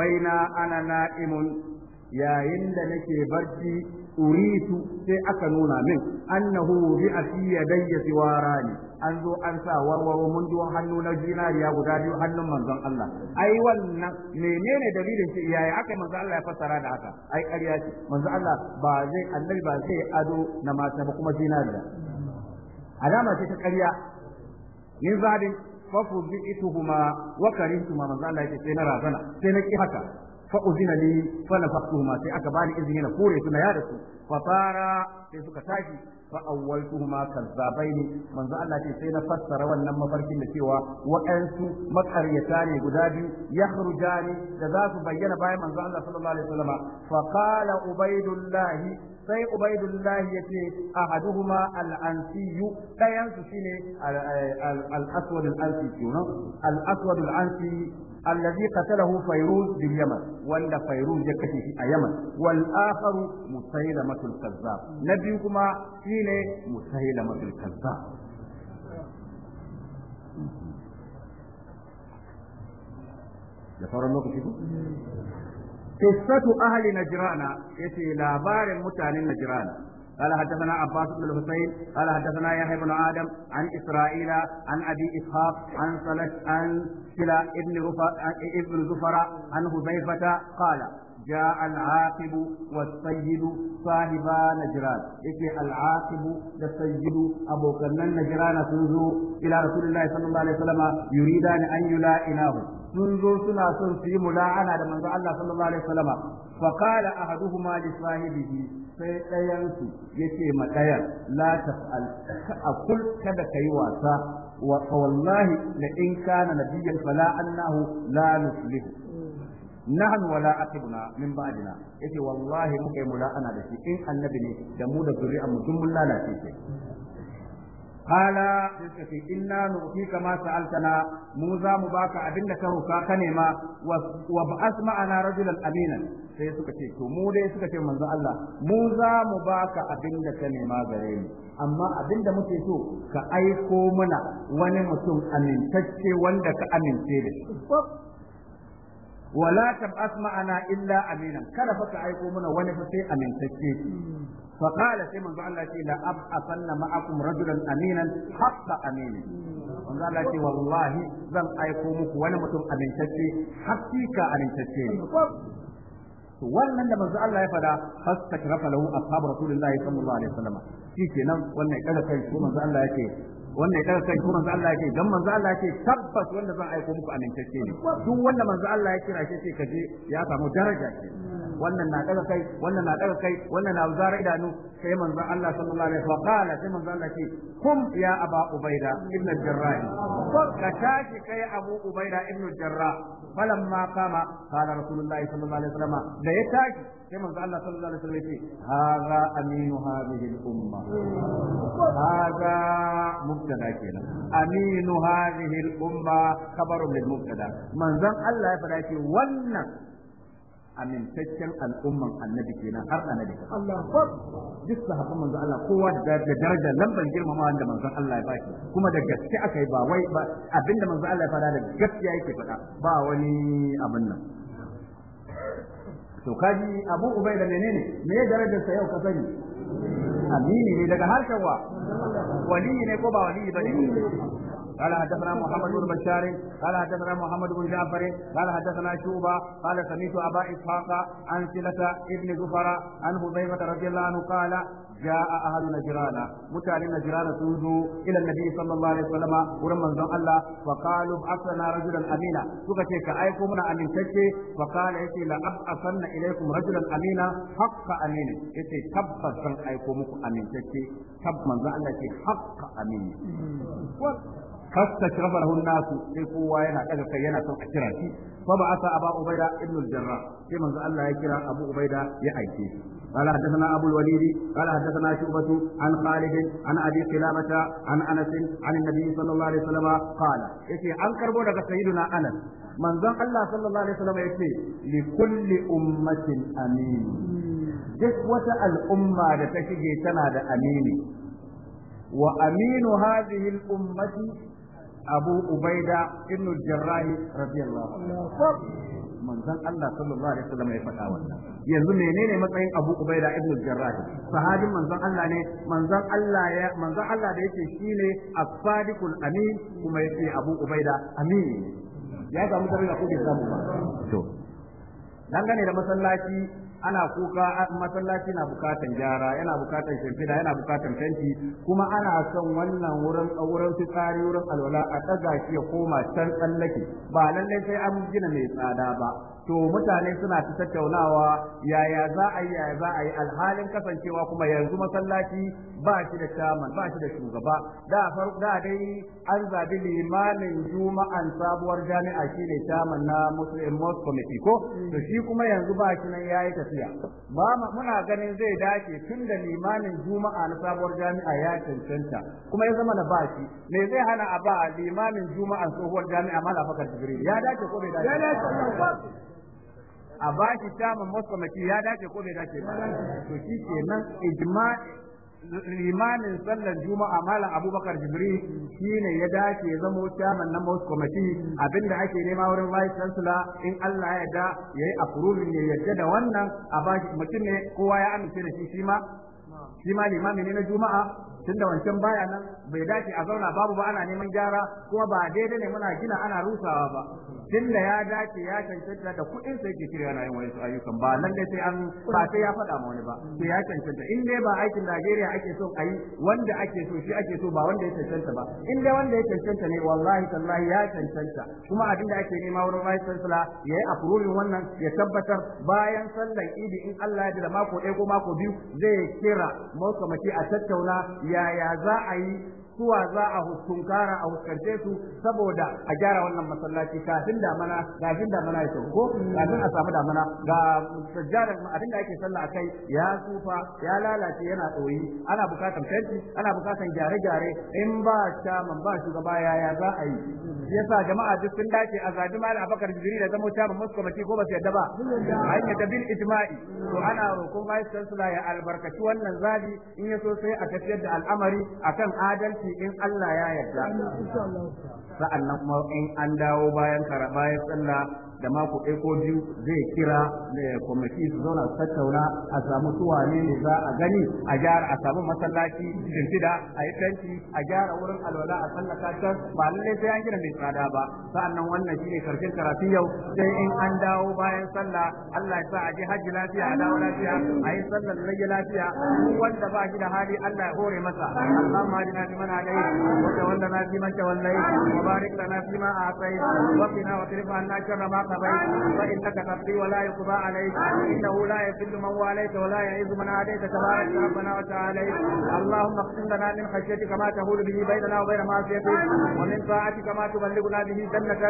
baina ana na'imun yayin da nake barci uritu sai aka nuna min annahu bi asiya dayya siwarani an zo an sa warwaro mun ji hannu na ya guda biyu hannun manzon Allah ai wannan menene dalilin shi yaya aka manzon Allah ya fassara da haka ai ƙarya ce manzon Allah ba zai annabi ba zai ado na mata ba kuma da. alama ce ta ƙarya min fu bi ituhuma wa karihtuhuma manzon Allah yake sai na razana sai na ki haka fa uzina li fa nafakhtuhuma sai aka bani izini na kore su na yada su fa tara sai suka tashi fa awwaltuhuma kazzabaini manzo Allah ce sai na fassara wannan mafarkin da cewa wa'ansu makaryata ne guda biyu yakhrujani da za su bayyana bayan manzo Allah sallallahu alaihi wasallam fa qala ubaidullah sai ubaidullah ya ce al-ansiyu dayan su shine al-aswad al-ansi ansi allazi qatalahu fayruz bil yaman wanda fayruz ya kashe shi a yaman wal akharu musailamatul kazzab nabi kuma shine musailamatul kazzab da sauran lokaci ku qissatu ahli najrana yace labarin mutanen najrana قال حدثنا عباس بن الحسين قال حدثنا يحيى بن ادم عن اسرائيل عن ابي اسحاق عن صلت عن سلا ابن ابن زفر عن حذيفه قال جاء العاقب والسيد صاحبا نجران يجي العاقب والسيد أبو كنان نجران سنزو إلى رسول الله صلى الله عليه وسلم يريدان أن يلائناه sun zo suna son su yi mula'ana da manzo Allah sallallahu alaihi wasallama fa qala ahaduhuma li sahibihi sai dayan su yace ma dayan la taf'al akul kada kai wasa wa wallahi la in kana nabiyyan fala annahu la nuflihu nahn wala aqibuna min ba'dina yace wallahi muke mula'ana da shi in annabi ne da mu da zuri'a mu dun mun lalace qala sai inna nu'tika ma sa'altana mu za mu baka abin ka roka ka nema wa ba'as ma'ana rajulan amina sai suka ce to mu dai suka ce manzo Allah mu za mu baka abinda da ka nema gare mu amma abinda da muke so ka aiko mana wani mutum amintacce wanda ka amince da shi wala tab'as ma'ana illa aminan kada fa aiko mana wani fa sai amintacce fa sai manzo Allah ce la ab'athanna ma'akum rajulan aminan haqqa aminin manzo Allah ce wallahi zan aiko muku wani mutum amintacce hakika amintacce to wannan da manzo Allah ya fada fastakrafa lahu ashabu a sallallahu alaihi wasallam shikenan wannan kada kai ko Allah wannan ya daga kai kuma manzo Allah yake dan manzo Allah yake tabbas wanda zan aiko muku amintacce ne duk wanda manzo Allah ya kira shi ka je ya samu daraja ke wannan na daga kai wannan na daga kai wannan na zara idanu sai manzo Allah sallallahu alaihi wa qala sai manzo Allah ke. kum ya aba ubaida ibn al-jarrah ka tashi kai abu ubaida ibn al-jarrah falamma qama qala rasulullahi sallallahu alaihi wa sallama da ya tashi sai manzo Allah sallallahu alaihi wasallam yace haza aminu hadhihi al-umma haza mubtada kenan aminu hadhihi al-umma lil mubtada Allah ya fada ce wannan amintaccen al'umman annabi kenan har annabi Allah duk sahabban manzon Allah kowa da daraja lambar girmama da manzon Allah ya baki kuma da gaske aka yi ba wai ba abinda manzon Allah ya fada da gaskiya yake fada ba wani abin nan to kaji abu ubai da menene me darajar sa yau ka sani amini ne daga harshen wa wali ne ko ba wali ba ne قال حدثنا محمد بن بشار قال حدثنا محمد بن جعفر قال حدثنا شوبة قال سمعت أبا إسحاق عن سلة ابن زفر عن حذيفة رضي الله عنه قال جاء أهل نجران متعلم نجران سوزوا إلى النبي صلى الله عليه وسلم ورمى الله فقالوا أصلنا رجلا أمينا سكتي كأيكم أمين تكي فقال يتي لأبعثن إليكم رجلا أمينا حق أمين يتي تبصن أيكم أمين تكي تب من الله حق أمين hasta shirafahu nasu sai kowa yana daga kai yana son a kira shi fa ba asa aba ubaida ibn al-jarrah sai Allah ya kira abu ya aike shi قال حدثنا ابو الوليد قال حدثنا شعبة عن خالد عن ابي قلابة عن انس عن النبي صلى الله عليه وسلم قال يتي عن كربو daga سيدنا انس manzon Allah sallallahu alaihi wasallam yace li kulli ummatin amin duk wata al'umma da ta shige tana da amini wa aminu hadhihi al-ummati abu ubaida ibn jarrahi radiyallahu anhu manzon Allah sallallahu alaihi wasallam ya faɗa wannan yanzu menene matsayin Abu Ubaida ibn Jarrah sahabin manzon Allah ne manzon Allah ya manzon Allah da yake shine as-sadiqul amin kuma yake Abu Ubaida amin ya samu tarbiyya ko bai samu ba to gane da masallaci ana kuka masallaci na bukatan gyara yana bukatan shimfida yana bukatan fenti kuma ana son wannan wurin wurin fitsari wurin alwala a daga shi ya koma can tsallake ba lallai sai an gina mai tsada ba to mutane suna ta tattaunawa yaya za a yi yaya za a yi alhalin kasancewa kuma yanzu masallaci ba shi da chairman ba shi da shugaba da da dai an zabi limamin juma'an sabuwar jami'a shi ne chairman na muslim mosque committee ko mm. to shi kuma yanzu ba shi nan yayi tafiya ba muna ganin zai dace tunda da limamin juma'a na sabuwar jami'a ya cancanta kuma ya zama na ba shi me zai hana a ba limamin juma'an sabuwar jami'a fakar jibril ya dace ko bai dace a ba shi samun ya dace ko bai dace ba to shi kenan nan limanin sallar juma'a malam abubakar jibril shine ya dace ya zama chairman na most committee abinda ake nema wurin vice chancellor in Allah ya yarda yayi approving ya yarda da wannan a ba mutum ne kowa ya amince da shi shi ma shi ma limami ne na juma'a tun da wancan baya nan bai dace a zauna babu ba ana neman gyara kuma ba daidai ne muna gina ana rusawa ba tun da ya dace ya cancanta da kuɗin sai yake shirya na yin wasu ayyukan ba nan dai sai an ba sai ya faɗa ma wani ba sai ya cancanta in dai ba aikin Najeriya ake so a yi wanda ake so shi ake so ba wanda ya cancanta ba in dai wanda ya cancanta ne wallahi tallahi ya cancanta kuma abin da ake nema wurin vice chancellor ya yi approving wannan ya tabbatar bayan sallar idi in Allah ya da mako ɗaya ko mako biyu zai kira makamashi a tattauna yaya za a yi suwa za a tunkara a huskance su saboda a gyara wannan masallaci kafin damana kafin damana ya sauko kafin a samu damana ga sajjarar abin da ake sallah akai ya tsufa ya lalace yana tsoyi ana bukatar fenti ana bukatar gyare-gyare in ba man ba shugaba yaya za a yi yasa jama'a duk sun dace a zabi a abakar Jiri da zama shaman musu kamati ko ba su yadda ba an yadda bin ijma'i to ana roƙon vice chancellor ya albarkaci wannan zabi in ya so sai a tafiyar da al'amari akan adalci aiki in Allah ya yarda sa'annan kuma in an dawo bayan kara bayan sallah da mako ɗaya ko biyu zai kira eh, kwamiti su zauna su tattauna a samu suwa ne za a gani a gyara a samu masallaci shimfida a yi tanki a gyara wurin alwala a sallaka can ba lallai sai an gina mai tsada ba sa'annan wannan shine karshen karatun yau sai in an dawo bayan sallah Allah ya sa a je hajji lafiya a dawo lafiya a yi sallar rage lafiya wanda ba shi da hali Allah ya hore masa Allahumma hadina fi man hadayt wanda na fi man tawallayt wa barik lana fi ma sai wa qina wa qina na kira ma قضيت فإنك تقضي ولا يقضى عليك إنه لا يقل من واليت ولا يعز من عاديت تبارك ربنا وتعالى اللهم اقسم لنا من خشيتك ما تهول به بيننا وبين معصيتك ومن طاعتك ما تبلغنا به جنتك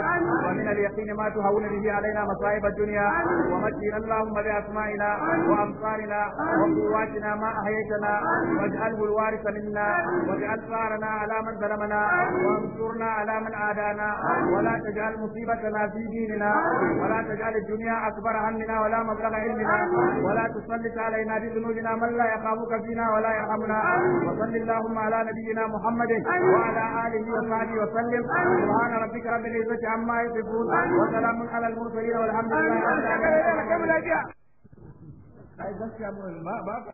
ومن اليقين ما تهون به علينا مصائب الدنيا ومجد اللهم بأسمائنا وأبصارنا وقواتنا ما أحييتنا واجعله الوارث منا واجعل ثارنا على من ظلمنا وانصرنا على من عادانا ولا تجعل مصيبتنا في ديننا ولا تجعل الدنيا أكبر همنا ولا مبلغ علمنا ولا تسلط علينا بذنوبنا من لا يخافك فينا ولا يرحمنا وصل اللهم على نبينا محمد وعلى آله وصحبه وسلم سبحان ربك رب العزة عما يصفون وسلام على المرسلين والحمد لله رب العالمين